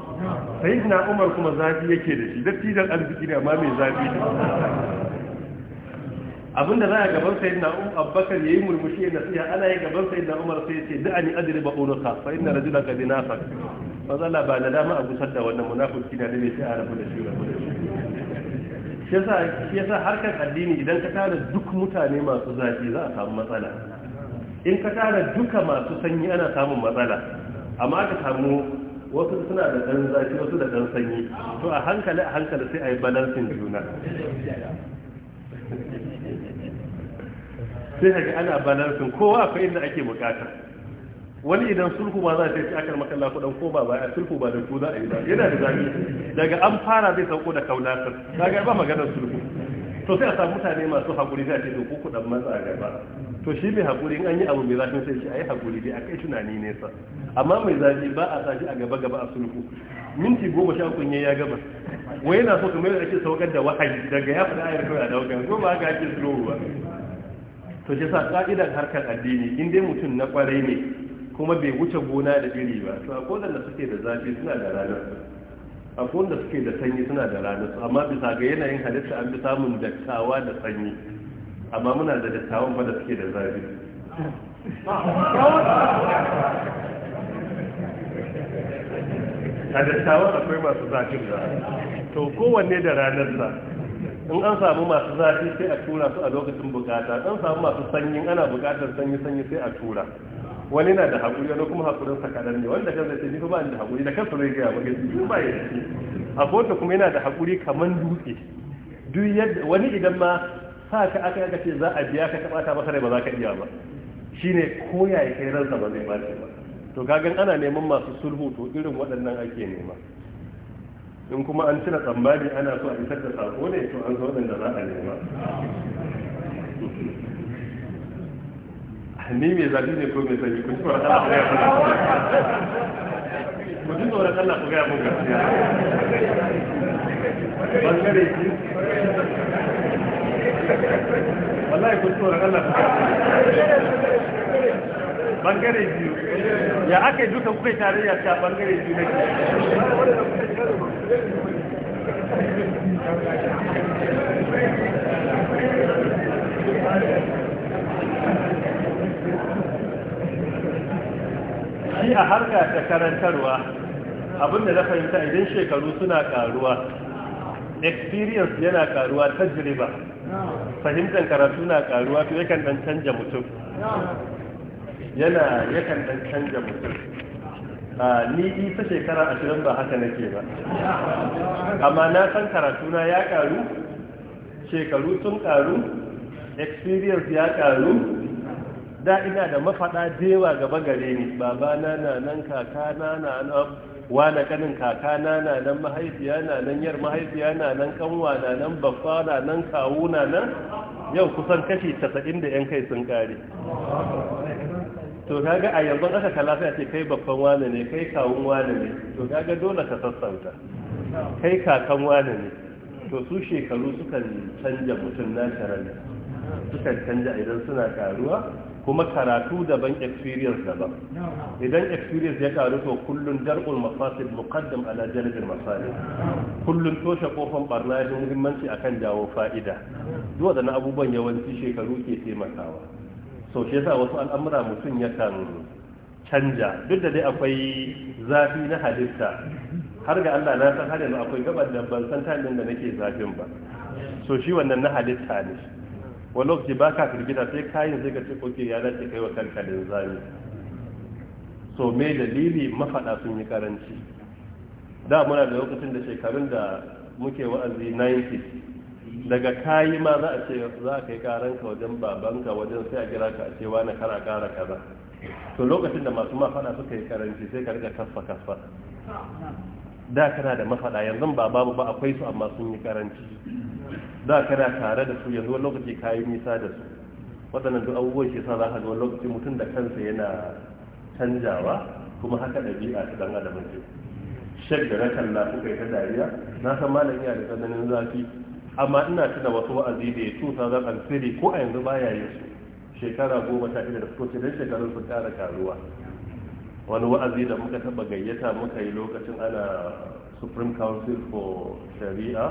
Speaker 1: sai na umar kuma zafi yake da shi dattijan arziki ne amma mai zafi abinda za a gaban sai na um abbakar yayi murmushi da nasiha ana yi gaban sai na umar sai ce da ani adri ba unuka fa inna rajulan qad nafaq fa zalla ba da dama a gusar da wannan munafiki da ne sai a rabu da shi rabu da shi yasa yasa harkar addini idan ka tara duk mutane masu zafi za a samu matsala in ka tara duka masu sanyi ana samun matsala amma ka samu wasu suna da ɗan zafi wasu da ɗan sanyi to a hankali a hankali sai a yi balansin juna sai ka ga ana balansin kowa akwai inda ake bukata wani idan sulhu ba za ta yi akar makalla kudan ko ba baya sulhu ba da ku za a yi ba yana da zafi daga an fara zai sauko da kaunatar daga ba maganar sulhu to sai a samu mutane masu haƙuri za ce ku kudan matsa gaba to shi mai hakuri in an yi abu mai zafin sai shi a yi haƙuri dai a kai tunani nesa amma mai zafi ba a sa shi a gaba gaba a sulhu minti goma sha kunye ya gaba wai yana so kamar da ake saukar da wahayi daga ya faɗa ayar kawai a dauka ko ba ake sulhu ba to shi sa ka'idan harkar addini in dai mutum na ƙwarai ne kuma bai wuce gona da iri ba su akwai da suke da zafi suna da ranar su akwai da suke da sanyi suna da ranar su amma bisa ga yanayin halitta an fi samun dattawa da sanyi amma muna da dattawan fa da suke da zafi
Speaker 2: a dattawan akwai masu
Speaker 1: zafin da to kowanne da ranarsa in an samu masu zafi sai a tura su a lokacin bukata an samu masu sanyi, ana bukatar sanyi sanyi sai a tura wani na da haƙuri wani kuma haƙurin sa kaɗan ne wanda kan zai ni ba ni da haƙuri da kansu rai gaya wani su ba ya ce a kota kuma yana da haƙuri kamar dutse duk yadda wani idan ma sa ka aka aka ce za a biya ka taɓa ta masa ba za ka iya ba shine koya ya kai ransa ba zai ba ba to kagan ana neman masu sulhu to irin waɗannan ake nema in kuma an cire tsammani ana so a isar da sako ne to an zo da za a nema ni mai zafi ne ko mai sanyi tsoron
Speaker 2: Allah ya aka
Speaker 1: yi duka kuka tarayya ta bangare biyu ke shi a harka ta karantarwa abinda na fahimta idan shekaru suna karuwa experience yana karuwa jiriba fahimtar karatu na karuwa to yakan dan canja mutum yana yakan dan canja mutum a ni isa shekara ashirin ba haka nake ba amma na san karatuna ya karu shekaru sun karu experience ya karu da ina da mafaɗa dewa gaba gare ni babana na nan kakana na nan wane kanin kakana na nan mahaifiya na nan yar mahaifiya na nan kanwa na nan babba na nan kawuna na nan yau kusan kashi 90 da yan kai sun kare to kaga a yanzu aka kalafi sai a ce kai babban wane ne kai kawun wane ne to kaga dole ka sassauta kai kakan wane ne to su shekaru sukan canja mutum na sharari sukan canja idan suna karuwa kuma karatu daban experience daban idan experience ya karu to kullun dar'ul mafasid muqaddam ala jalbil masalih kullun toshe kofan barna muhimmanci akan jawo fa'ida duk wadannan abubuwan yawanci shekaru ke taimakawa sau shi yasa wasu al'amura mutum yakan canja duk da dai akwai zafi na halitta har ga Allah na san har yanzu akwai gaban da ban san tamin da nake zafin ba so shi wannan na halitta ne wani lokaci ba ka firgita sai kayan sai ka ce koke ya dace kai wa kanka da so me dalili mafaɗa sun yi karanci da muna da lokacin da shekarun da muke wa'azi 90 daga kayi ma za a ce za yi kai ka wajen babanka wajen sai a kira ka a ce na kana kara kaza to lokacin da masu mafaɗa suka yi karanci sai ka riga kasfa kasfa da kana da mafaɗa yanzu ba babu ba akwai su amma sun yi karanci da kana tare da su yanzu wani lokaci kayi nisa da su waɗannan duk abubuwan shi sa za ka ga lokaci mutum da kansa yana canjawa kuma haka ɗabi'a ta dan adam shek da na kalla suka yi ta dariya na san malam iya da tsananin zafi amma ina tuna wasu wa'azi da ya tusa zan alfiri ko a yanzu baya yin su shekara goma sha ɗaya da suka ce dan shekarun su kara karuwa wani wa'azi da muka taɓa gayyata muka yi lokacin ana supreme council for shari'a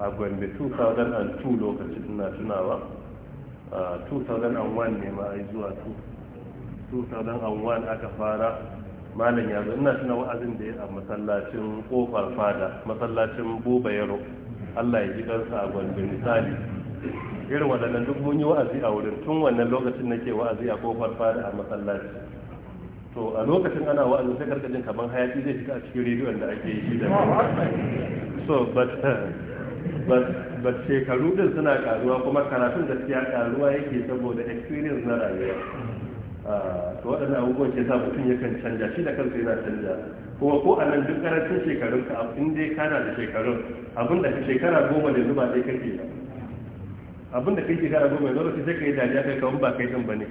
Speaker 1: a gwanda 2002 lokacin ina tunawa 2001 ne ma zuwa 2001 aka fara malam ya zo ina tuna wa'azin da ya a masallacin kofar fada masallacin buba yaro Allah ya ji ɗansa a gwalbe misali irin waɗannan duk mun yi wa'azi a wurin tun wannan lokacin nake wa'azi a kofar fada a masallaci to a lokacin ana wa'azi sai karkajin kamar hayaki zai shiga a cikin rediyon da ake yi da so but shekaru din suna karuwa kuma karatun gaskiya karuwa yake saboda experience na rayuwa ah, to waɗannan abubuwan ke sa mutum yakan canja shi da kansa yana canja kuma ko a nan duk karancin shekarun ka in dai kana da shekarun abin da shekara goma da zuba dai kake da abin da kai shekara goma yanzu ka sai ka yi dariya kai kawun ba kai din bane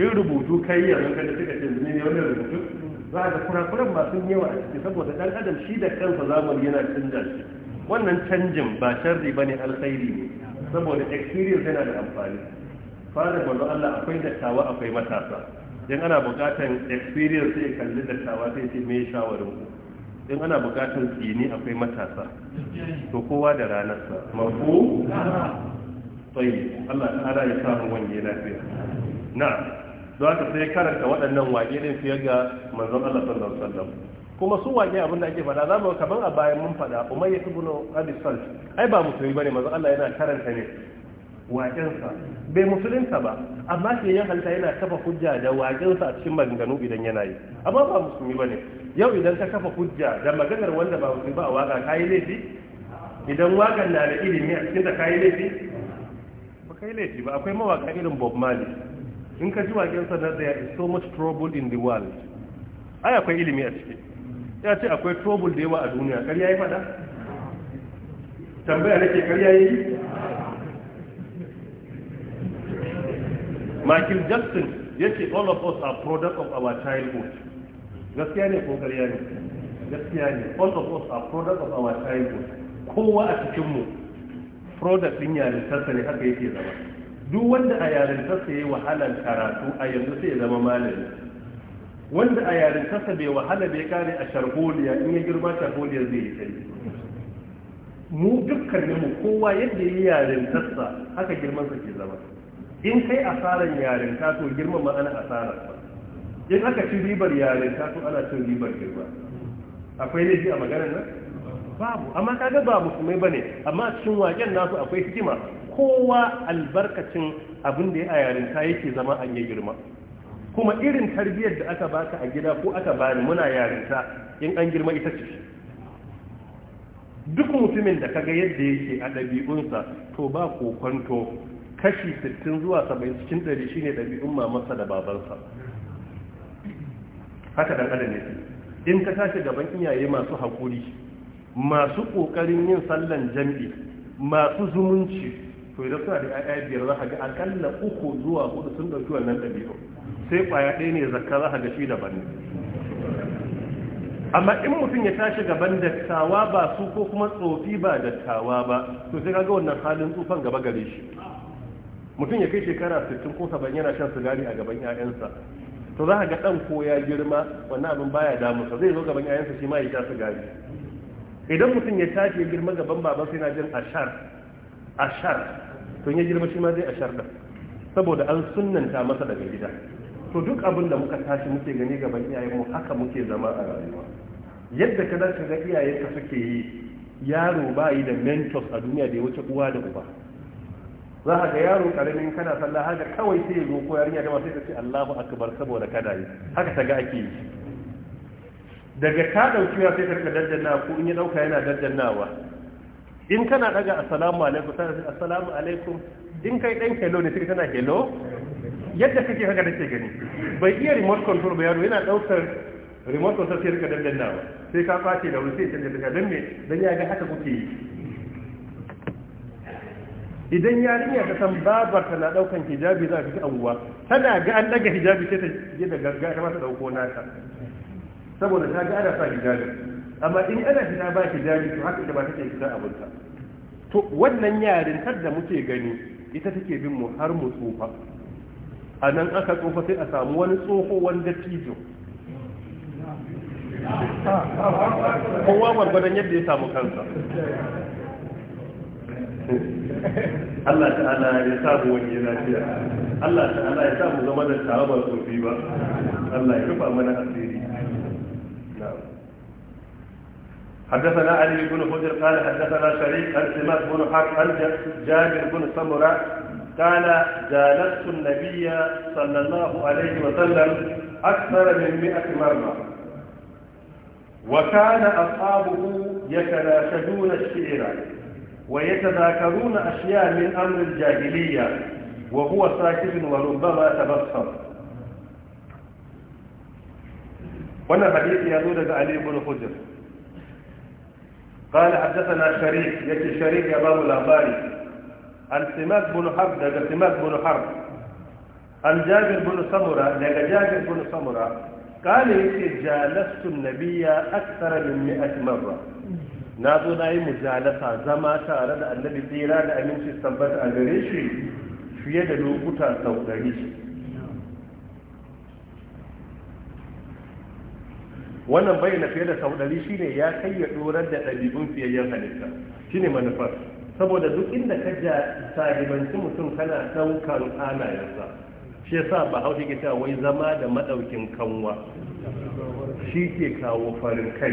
Speaker 1: in rubutu kai yanzu kan da suka ce ne ne wannan rubutu za ga kurakuran masu yawa a ciki saboda dan adam shi da kansa zamani yana canja shi wannan canjin ba sharri ne alkhairi ne saboda experience yana da amfani fara da Allah akwai dattawa akwai matasa Idan ana bukatan experience sai kalli dattawa sai ce me shawarin ku idan ana bukatan tsini akwai matasa to kowa da ranarsa mafu tsayi Allah ta'ala ya samu wani lafiya na don haka sai karanta waɗannan waƙe ɗin fiye ga manzon Allah sallallahu alaihi wasallam kuma su waƙe abin da ake faɗa za mu kaman a bayan mun faɗa umayya ibn abi salt ai ba musulmi bane manzon Allah yana karanta ne waƙensa bai musulunta ba amma shi ya halitta yana kafa hujja da waƙensa a cikin maganganu idan yana yi amma ba musulmi ba ne yau idan ka kafa hujja da maganar wanda ba musulmi ba a waƙa ka yi laifi idan waƙar na da ilimi a cikin da ka yi laifi ba ka yi laifi ba akwai mawaƙa irin bob marley in ka ji waƙensa na there is so much trouble in the world ai akwai ilimi a ciki ya ce akwai trouble da yawa a duniya kar ya yi faɗa tambaya nake kar ya yi Michael Jackson ya ce all of us are product of our childhood gaskiya ne ko ƙarya ne gaskiya ne all of us are product of our childhood kowa a cikinmu product ɗin yarintarsa ne haka yake zama duk wanda a yarintarsa ya yi wahalar karatu a yanzu sai ya zama malami wanda a yarintarsa bai wahala bai kare a sharholiya in ya girma sharholiya zai yi kai. mu dukkaninmu kowa yadda ya yi yarintarsa haka girmansa ke zama in kai asaran yarinta to girmama ana asarar ba in aka ci ribar yarinta to ana cin ribar girma akwai laifi a maganar nan babu amma kaga ba musulmai bane amma cikin waken nasu akwai hikima kowa albarkacin abin da ya a yarinta yake zama an yi girma kuma irin tarbiyyar da aka baka a gida ko aka bani muna yarinta in an girma ita ce duk mutumin da kaga yadda yake a ɗabi'unsa to ba kokonto kashi 60 zuwa 70 cikin 100 shine ɗabi'un mamarsa da babansa haka dan adam ne in ka tashi gaban iyaye masu haƙuri masu ƙoƙarin yin sallan jam'i masu zumunci to idan suna da 'ya'ya biyar za ga akalla uku zuwa hudu sun ɗauki wannan ɗabi'u sai ƙwaya ɗaya ne zakka za ga shi daban ne amma in mutum ya tashi gaban dattawa ba su ko kuma tsofi ba dattawa ba to sai ga wannan halin tsufan gaba gare shi mutum ya kai shekara 60 ko 70 yana shan sigari a gaban 'ya'yansa to za ka ga dan ko ya girma wannan abin baya damunsa zai zo gaban 'ya'yansa shi ma ya sha sigari idan mutum ya tashi ya girma gaban baban sai na jin ashar ashar to ya girma shi ma zai ashar da saboda an sunnanta masa daga gida to duk abin da muka tashi muke gani gaban mu haka muke zama a rayuwa yadda ka dace ga iyayenka suke yi yaro ba yi da mentors a duniya da ya wuce uwa da uba za ka ga yaro karamin kana sallah haka kawai sai ya zo ko yarinya ta sai ta ce Allahu akbar saboda kada yi haka ta ga ake yi daga ka dauki ya sai ta rika daddanna ko in ya dauka yana daddannawa in kana daga assalamu alaikum sai ta assalamu alaikum in kai dan kelo ne sai tana kelo yadda kake haka take gani bai iya remote control ba yaro yana daukar remote control sai rika daddannawa sai ka fashe da wani sai ka canja daga dan me dan ya ga haka kuke yi idan yarinya ta san babar na daukan hijabi za ta anguwa tana ga an daga hijabi sai ta je da garga ta masa dauko naka saboda ta ga ana sa hijabi amma in ana fita ba hijabi to haka ita ba take fita abunta to wannan yarin tar da muke gani ita take bin mu har mu tsufa a nan aka tsufa sai a samu wani tsoho wanda tijo kowa gwargwadon yadda ya samu kansa Allah ta'ala ya samu wani lafiya Allah ta'ala ya samu zama da taraba tsofi ba Allah ya rufa mana asiri حدثنا علي بن حجر قال حدثنا شريك عن سماك بن حق عن جابر بن سمرة قال جالست النبي صلى الله عليه وسلم أكثر من مئة مرة وكان أصحابه يتناشدون الشعر ويتذاكرون أشياء من أمر الجاهلية وهو ساكت وربما تبصر وانا حديث يقول علي بن حجر قال حدثنا شريك يكي شريك يا باب الأخباري عن سماك بن حرب لك سماك بن حرب عن جابر بن سمرة لك جابر بن سمرة قال يكي جالست النبي أكثر من مئة مرة na zo na yi mujalasa zama tare da annabi tsira da aminci tabbata a gare shi fiye da lokuta sau ɗari wannan bayyana fiye da sau dari shine ya kai ya da ɗabi'un fiyayyen halitta shine manufar saboda duk inda ka ja sahibanci mutum kana ɗaukar halayensa shi yasa ba hausa ke wai zama da maɗaukin kanwa shi ke kawo farin kai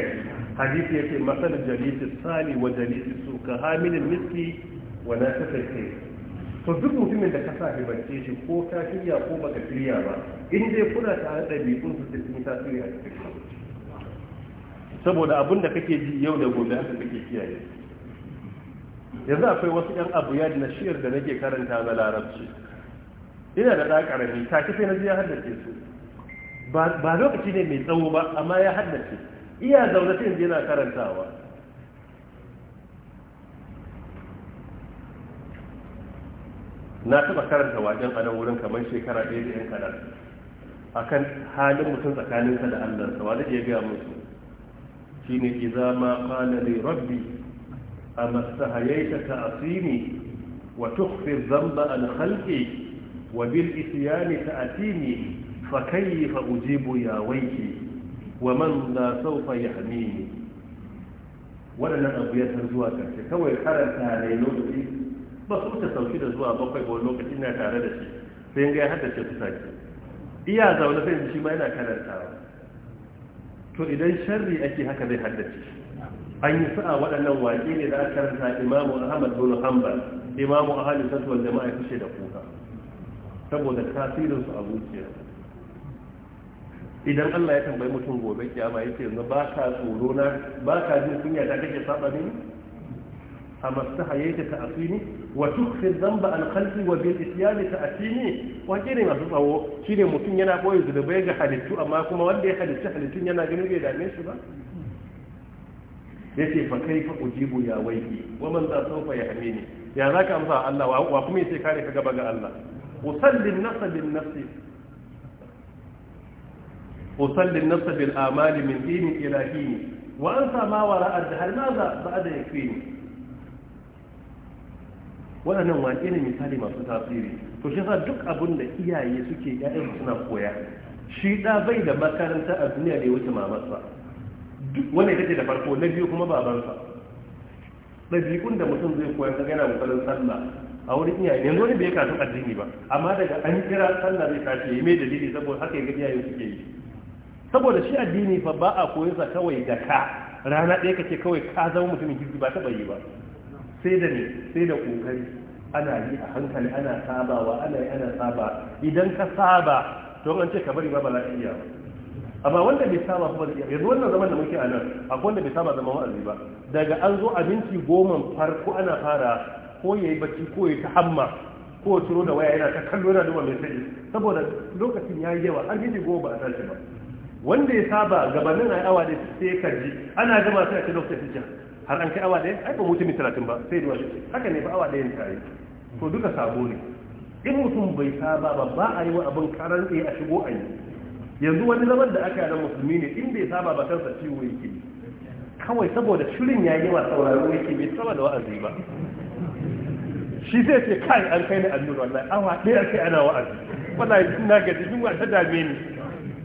Speaker 1: hadisi yake masal jalisi sali wa jalisi su ka hamilin miski wa na kasance to duk mutumin da ka sahibance shi ko ka shirya ko baka shirya ba in dai kuna tare da bibin su sai sun tasiri a cikin saboda abin da kake ji yau da gobe haka kake kiyaye yanzu akwai wasu yan abu ya na shiyar da nake karanta na larabci ina da ɗan ƙarami ta sai na ji ya haddace su ba lokaci ne mai tsawo ba amma ya haddace iya zaune yana karantawa na taɓa karanta wajen a wurin kamar shekara ɗaya da 'yan kanar kan halin mutum tsakaninsa da Allah sa wani ya gaya musu shine idza ma qala li rabbi amastahayaita ta'sini wa tuffe zamba an wa bil isyani ta'tini fa fa ujibu ya wayki wa man za saufa ya hamini waɗannan abu ya san zuwa ƙarshe kawai karanta ne lokaci ba su ta sauki da zuwa bakwai ko lokaci na tare da shi sai ga gaya haddace kusa ke iya zaune sai shi ma yana karantawa to idan sharri ake haka zai haddace an yi sa'a waɗannan waƙe ne da aka karanta imamu ahmad bin hanbal imamu ahli sunna wal jama'a kashe da kuka saboda tasirin su a zuciya idan Allah ya tambayi mutum gobe kiyama yake yanzu ba ka tsoro na ba ka jin kunya da kake saba mini amasta hayaita ta asini wa tukfi dhanba an khalqi wa bil isyani ta asini wace ne masu tsawo shine mutum yana koyi bai ga halittu amma kuma wanda ya halittu halittun yana ganin bai dame shi ba yace fa kaifa ujibu ya waiki wa man za sofa ya amini ya zaka amsa Allah wa kuma yace kare ka gaba ga Allah usallin nafsa bin nafsi أصلي النفس بالآمال من دين إلى دين وأنسى ما وراء الدهر ماذا بعد يكفيني waɗannan waƙe ne misali masu tasiri to shi duk abun da iyaye suke ya'yan suna koya shi ɗa bai da makaranta a duniya da ya wuce mamarsa wanda ya da farko na biyu kuma babansa ɗabi'un da mutum zai koya ta gana kokarin sallah a wurin iyaye yanzu wani bai kasu addini ba amma daga an kira sallah zai tashi ya mai dalili saboda haka ya ga iyayen suke yi saboda shi addini fa ba a koyon sa kawai da ka rana ɗaya kace kawai ka zama mutumin kirki ba taɓa yi ba sai da ne sai da kokari ana yi a hankali ana sabawa ana yi ana saba idan ka saba to an ce ka bari ba lafiya. za ba amma wanda bai saba ba zai yanzu wannan zaman da muke a nan akwai wanda bai saba zaman wa'azi ba daga an zo a minti goma farko ana fara ko yayi bacci ko yayi ta hamma ko ciro da waya yana ta kallo yana duba mai saji saboda lokacin yayi yawa har gidi goma ba a tashi ba wanda ya saba gabanin ai awa da sai ka ana gama sai a ce lokacin tijja har an kai awa da ai ba mutum talatin ba sai da shi. haka ne ba awa da yin tare to duka sabo ne in mutum bai saba ba ba a yi wa abin karan tsaye a shigo a yi yanzu wani zaman da aka yi nan musulmi ne in bai saba ba kansa ciwo yake kawai saboda shirin ya yi wa sauraro yake bai saba da wa'azi ba shi zai ce kai an kai ni allura wallahi awa ɗaya sai ana wa'azi wallahi ina gaji yunwa ta dame ni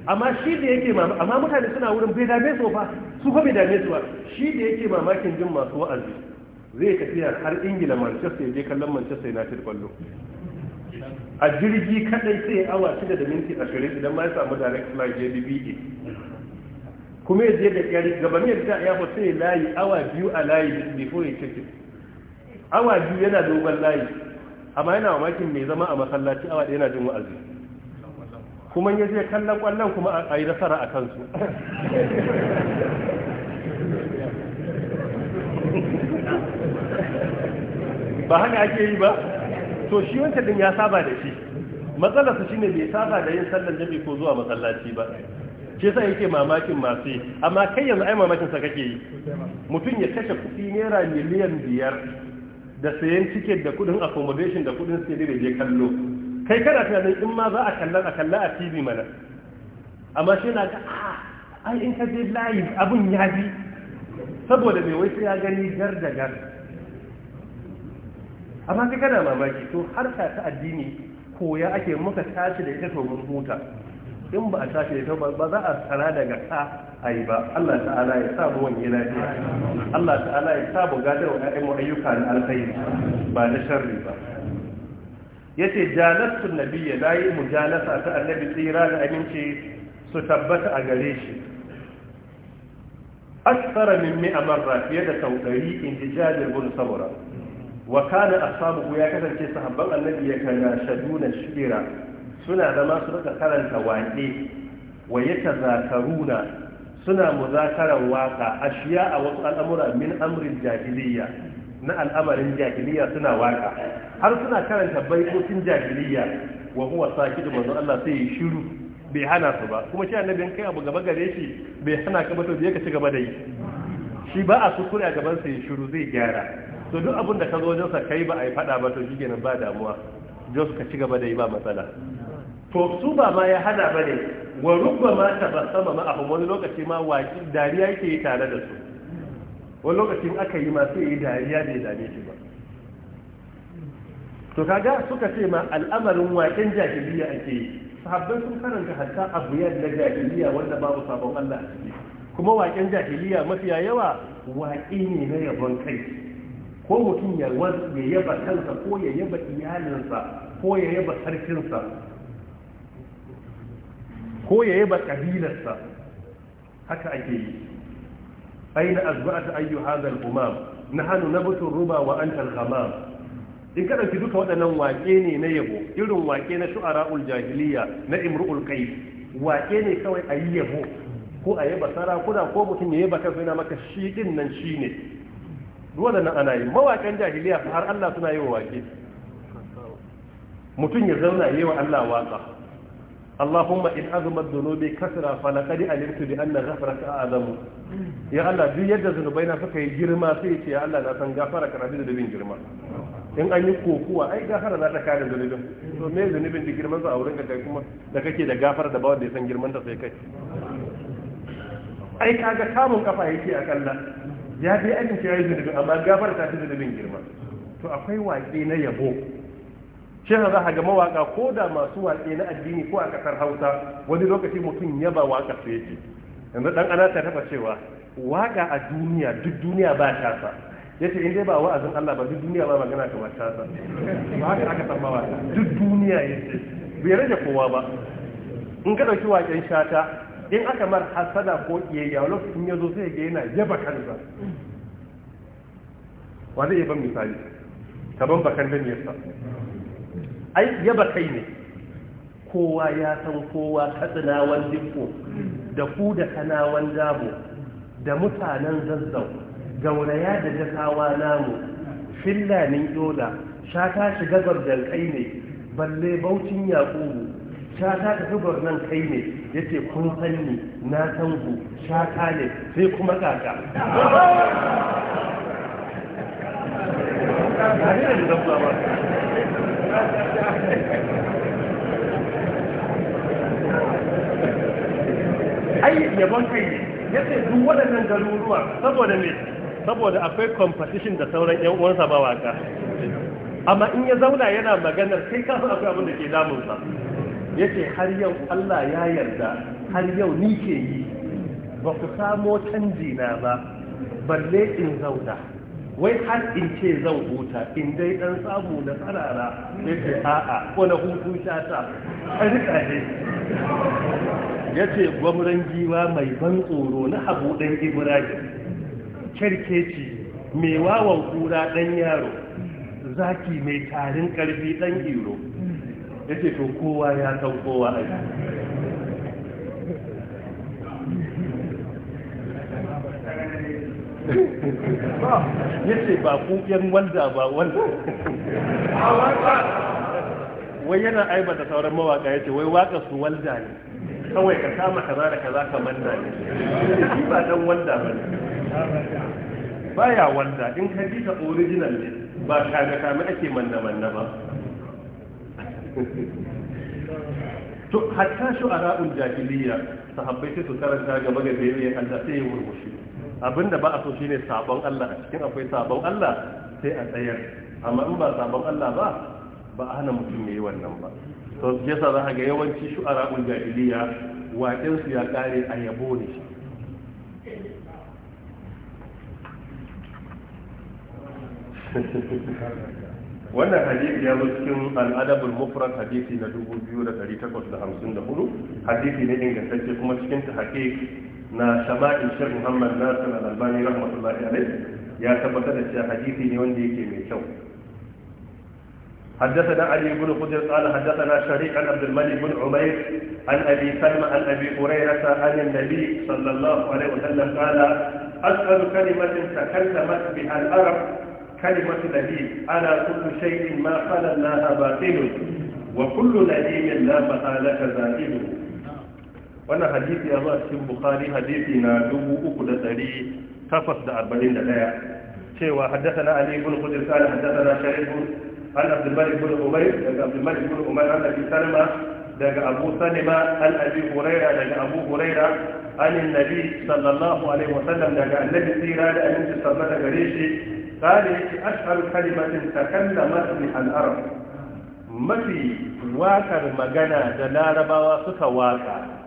Speaker 1: amma shi da yake mamaki amma mutane suna wurin bai dame su ba su ko bai dame su ba shi da yake mamakin jin masu wa'azi zai tafiya har ingila manchester je kallon manchester united kwallo a jirgi kadai sai ya awa shida da minti ashirin idan ma ya samu direct flight jbba kuma ya je da kyari ya yadda ya yafo sai layi awa biyu a layi before ya check awa biyu yana dogon layi amma yana mamakin mai zama a masallaci awa ɗaya yana jin wa'azi kuma ya je kallon kwallon kuma a yi nasara a kansu ba haka ake yi ba to shi wancan din ya saba da shi matsalarsa ne bai saba da yin sallar jami ko zuwa matsalaci ba ce sa yake mamakin masu yi amma kai yanzu ai mamakin sa kake yi mutum ya kashe kuɗi naira miliyan biyar da sayan ticket da kuɗin accommodation da kuɗin sai da je kallo kai ta tunanin in ma za a kalla a kalla a tv mana amma shi na ga ah, ai in ka je live abun ya bi saboda mai wai sai ya gani gar da gar amma kai kana mamaki to harka ta addini koya ake muka tashi da ita to mun huta in ba a tashi da ita ba za a tsara daga ta ai ba Allah ta'ala ya sa mu wani lafiya Allah ta'ala ya sa mu gadar wa ayyuka na alkhairi ba na sharri ba ya ce jalasta nabiya na yi mu ta annabi tsira da aminci su tabbata a gare shi a tsara mimmi a marra fiye da saukari in ji jajir gudu saura a samu ya kasance su habban annabi ya kana shaɗu na shira suna zama su raka karanta waƙe waye ya ta zakaruna suna mu waka waƙa a shiya a wasu al'amura min amrin jahiliyya na al'amarin jahiliya suna waka har suna karanta baitocin jahiliya wa huwa sakidu manzo Allah sai ya shiru bai hana su ba kuma shi annabi kai abu gaba gare shi bai hana ka ba to ka ci gaba da yi shi ba a kuskure a gaban sa ya shiru zai gyara to duk abin da ka zo wajen sa kai ba a yi fada ba to shikenan ba damuwa jos ka ci gaba da yi ba matsala to su ba ma ya hana ne, wa rubba ma tabassama ma a wani lokaci ma waki dariya yake tare da su wani lokacin aka yi masu yi dariya da ya dame shi ba to kaga suka ce ma al'amarin waƙen jahiliya ake yi sahabbai sun karanta hatta abu na jahiliya wanda babu sabon Allah a ciki kuma waƙen jahiliya mafiya yawa waƙi ne na yabon kai ko mutum ya yaba kansa ko ya yaba iyalinsa ko ya yaba sarkinsa ko ya yaba ƙabilarsa haka ake yi aina azba'ata ayyu hadha al-umam nahnu nabtu ruba wa anta al-ghamam in ka dauki duka waɗannan wake ne na yabo irin wake na shu'ara'ul jahiliya na imru'ul qais wake ne kawai ayi yabo ko a yaba sarakuna ko mutum ya yaba kansa yana maka shi din nan shine waɗannan ana yi mawakan jahiliya har Allah suna yi wa wake mutum ya zauna yi wa Allah waka اللهم إن أغمت ذنوبي كثرة فلقد علمت بأن غفرك أعظم يا الله duk yadda zunubaina suka yi girma sai ce Allah na san gafara kana da zunubin girma in an yi kokuwa ai gafara za ta kare zunubin to me zunubin da girman sa a wurin kai kuma da kake da gafara da bawa da san girman ta sai kai ai kaga kamun kafa yake akalla ya dai aikin shi ya yi zunubin amma gafara ta fi zunubin girma to akwai waƙe na yabo shi za a ga mawaƙa ko da masu waƙe na addini ko a ƙasar hausa wani lokaci mutum ya ba waƙa su yake yanzu ɗan ana ta taɓa cewa waƙa a duniya duk duniya ba ta sa ya ce in dai ba wa'azin allah ba duk duniya ba magana kamar ta sa ba haka aka san mawaƙa duk duniya ya ce bai rage kowa ba in ka ɗauki waƙen shata in aka mar hasada ko ƙiyayya lokacin ya zo sai ga yana yaba kansa wa zai iya ban misali ka ban bakan dan yasa ai yaba kai ne kowa ya san kowa katsinawan dikko da ku da kanawan damu, da mutanen zazzau gauraya da jasawa namu fillanin yola shata shiga gwardan kai ne balle baucin yaƙubu shata ta fi nan kai ne ya ce kun sanni na san ku shata ne sai kuma kaka ai yabon kai ya ce duk waɗannan garuruwa saboda ne saboda akwai competition da sauran yan uwansa ba waka amma in ya zauna yana maganar sai kafin akwai abin da ke damunsa ya ce har yau Allah ya yarda har yau ni ke yi ba ku samo canji na ba balle in zauna wai har in ce zan huta in dai dan samu na tsarara ya ce a'a ko na hutu shata a rika ne ya ce gwamnan giwa mai ban tsoro na abu dan ibrahim kerkeci mai wawan kura dan yaro zaki mai tarin karfi dan iro ya ce to kowa ya san kowa a Ya ce ba ku yan wanda ba wanda wai yana aibata sauran mawaka ce, wai waka su walda ne kawai ka sama kaza da kaza ka manda ne shi ba dan wanda ba baya wanda in ka ji ta original ne ba kaga kame ake manna manna ba to hatta shu'ara'ul jahiliya sahabbai sai su karanta gaba ga da ya kanta sai ya murmushi abinda ba a so shine sabon Allah a cikin akwai sabon Allah sai a tsayar amma in ba sabon Allah ba ba a hana mutum yayi wannan ba to yasa za a ga yawanci shu'ara'ul jahiliya waƙin su ya kare a yabo ne shi wannan hadisi ya zo cikin al'adabul mufrad hadisi na 2854 hadisi ne ingantacce kuma cikin tahqiq na shama'in shek muhammad nasir al-albani rahmatullahi alaihi ya tabbatar da cewa hadisi ne wanda yake mai kyau حدثنا علي بن خضر قال حدثنا شريك عن عبد الملك بن عمير عن ابي سلمى عن ابي هريره عن النبي صلى الله عليه وسلم قال اسال كلمه تكلمت بها العرب كلمه لبيب على كل شيء ما خلا لها باطل وكل لبيب لا محاله زائل wannan hadisi ya zo a cikin bukhari hadisi na 3841 cewa haddathana ali ibn qudr kana haddathana Haddasa na abd al-malik ibn umayr daga abd al-malik ibn umayr an abi salma daga abu salma an abi huraira daga abu huraira an Nabi, sallallahu alaihi wasallam daga annabi tsira da Aminci, annabi sallallahu gare shi قال أشهر كلمة تكلمت بها العرب mafi wakar magana da larabawa suka waka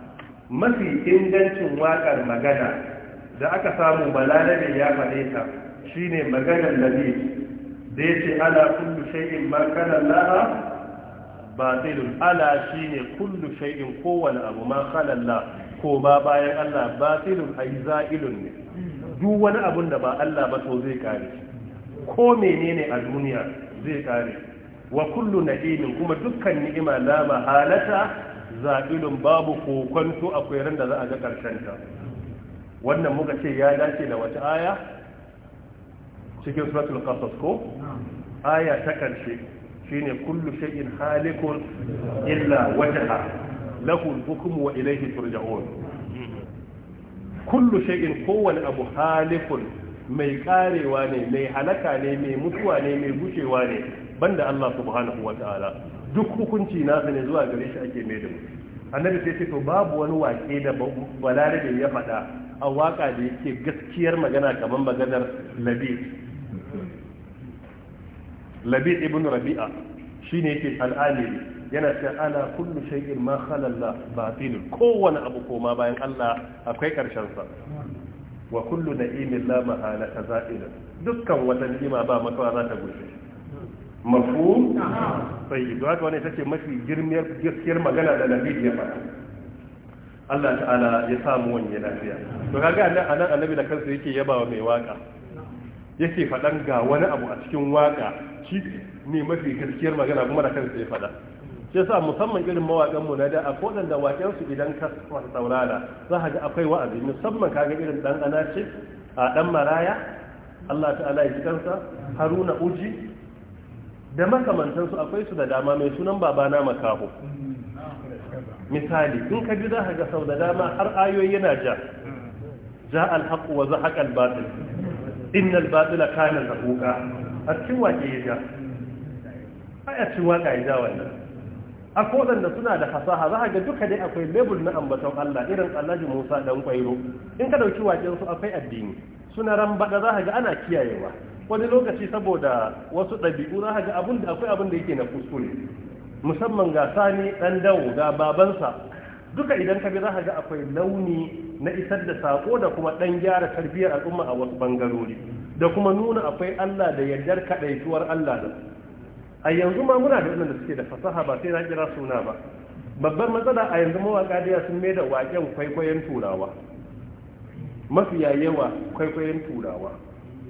Speaker 1: mafi ingancin waƙar magana da aka samu balarabe ya faɗe ta shine maganar nabi da yace ala kullu shay'in ma kana laha batilun ala shine kullu shay'in kowane abu ma kana Allah ko ba bayan Allah batilun ay za'ilun ne duk wani abun da ba Allah ba to zai kare ko menene a duniya zai kare wa kullu na'imin kuma dukkan ni'ima la mahalata za'ilun babu kokonto akwai ran da za a ga ƙarshenta wannan muka ce ya dace da wata aya cikin suratul qasas ko aya ta shi shine kullu shaƙin halikun illa wata ha lahun hukumu wa ilaihi turja'un kullu shaƙin kowane abu halikun mai karewa ne mai halaka ne mai mutuwa ne mai gushewa ne banda Allah subhanahu wa ta'ala duk hukunci nasa ne zuwa gare shi ake mai da mu annabi sai ce to babu wani wake da da ya faɗa a waka da yake gaskiyar magana kamar maganar labid labid ibn rabi'a shine yake al'amiri yana ce ana kullu shay'in ma khalalla batilun kowane abu koma bayan Allah akwai karshen sa wa kullu na'imin la mahala kaza'ilun dukkan wata ni'ima ba makawa za ta gushe mafu sai da wani ita ce mafi girmiyar gaskiyar magana da nabi ya faɗa Allah ta'ala ya samu wani lafiya to kaga anan annabi da kansa yake yabawa mai waka yake faɗan ga wani abu a cikin waka shi ne mafi gaskiyar magana kuma da kansa ya faɗa shi yasa musamman irin mawakan mu na da a kodan da waken su idan ka saurara za ka ji akwai wa'azi musamman kaga irin dan ana ce a dan maraya Allah ta'ala ya ji kansa Haruna Uji da makamantansu akwai su da dama mai sunan babana makaho misali in ka ji za ka ga sau da dama har ayoyi yana ja ja alhaqu wa zahaqa albatil inna albatila kana zahuqa a cikin wake ya ja ai a cikin waka ya ja wannan a kodan suna da fasaha za ka ga duka dai akwai label na ambaton Allah irin Alhaji Musa dan Kwairo in ka dauki waken su akwai addini suna ran bada za ka ga ana kiyayewa wani lokaci saboda wasu ɗabi'u za ga abin da akwai abin da yake na kuskure musamman ga sani ɗan dawo ga babansa duka idan ka bi za ga akwai launi na isar da saƙo da kuma ɗan gyara tarbiyyar al'umma a wasu bangarori da kuma nuna akwai Allah da yardar kaɗaituwar Allah da a yanzu ma muna da waɗanda suke da fasaha ba sai na kira suna ba babbar matsala a yanzu mawaƙa da sun mai da waƙen kwaikwayon turawa mafiya yawa kwaikwayon turawa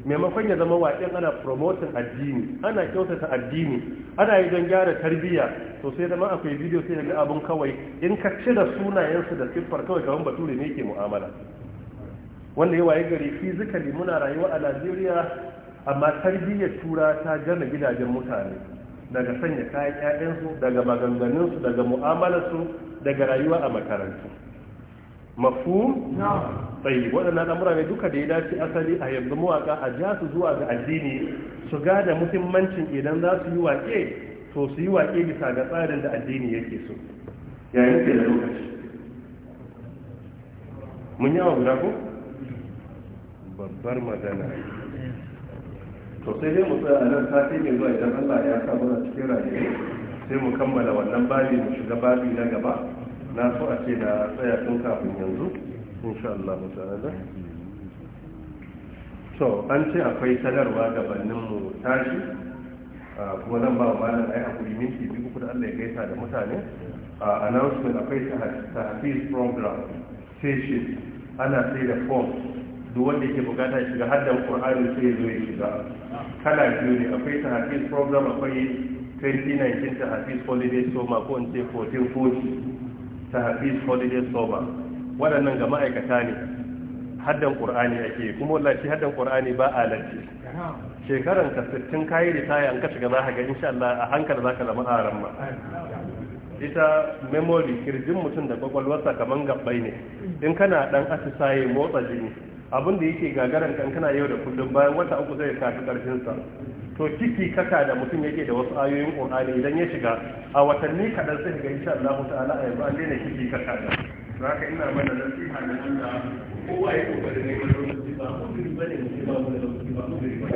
Speaker 1: maimakon ya zama waƙen ana promoting addini ana kyautata addini ana yi don gyara tarbiyya to sai zama akwai bidiyo sai ga abun kawai in ka cire sunayensu da siffar kawai kamar bature ne ke mu'amala wanda ya gari fizikali muna rayuwa a najeriya amma tarbiyyar tura ta gana gidajen mutane daga sanya kayan 'ya'yansu daga maganganunsu daga mu'amalarsu daga rayuwa a makarantu Mafu. tsayi waɗannan al'amura ne duka da ya dace asali a yanzu mawaƙa a ja su zuwa ga addini su gada muhimmancin idan za su yi waƙe to su yi waƙe bisa ga tsarin da addini yake so yayin da lokaci mun yawa guda ko babbar magana to sai dai mu tsaya a nan sati mai zuwa idan Allah ya sa mana cikin rayuwa sai mu kammala wannan babi mu shiga babi na gaba na so a ce da tsaya tun kafin yanzu insha Allah ta'ala so an ce akwai sanarwa bannin mu tashi kuma nan ba malam ai hakuri minti biyu kuma Allah ya gaisa da mutane announcement akwai tahfiz program session ana sai da form duk wanda yake bukata shiga haddan Qur'ani sai ya zo ya shiga kala biyu ne akwai tahfiz program akwai 2019 tahfiz holiday ma ko in ce 1440 tahfiz holiday ba. waɗannan ga ma'aikata ne haddan ƙurani ake kuma wallahi haddan ƙur'ani ba a Shekarar shekaran ka kayi da taya an ka gaba za insha Allah a hankali za ka zama aran ma ita memory kirjin mutum da kwakwalwarsa kamar gabbai ne in kana dan atisaye motsa jini abin da yake gagaran kan kana yau da kullum bayan wata uku zai kafi karfinsa to kiki kaka da mutum yake da wasu ayoyin ƙur'ani idan ya shiga a watanni kaɗan sai ga insha Allah ta'ala a yanzu an daina kiki kaka da za ka ina mana nasiha da Allah kowa ya kokarin neman
Speaker 2: lokaci ba mu ba ne mu ba mu da lokaci ba ne ba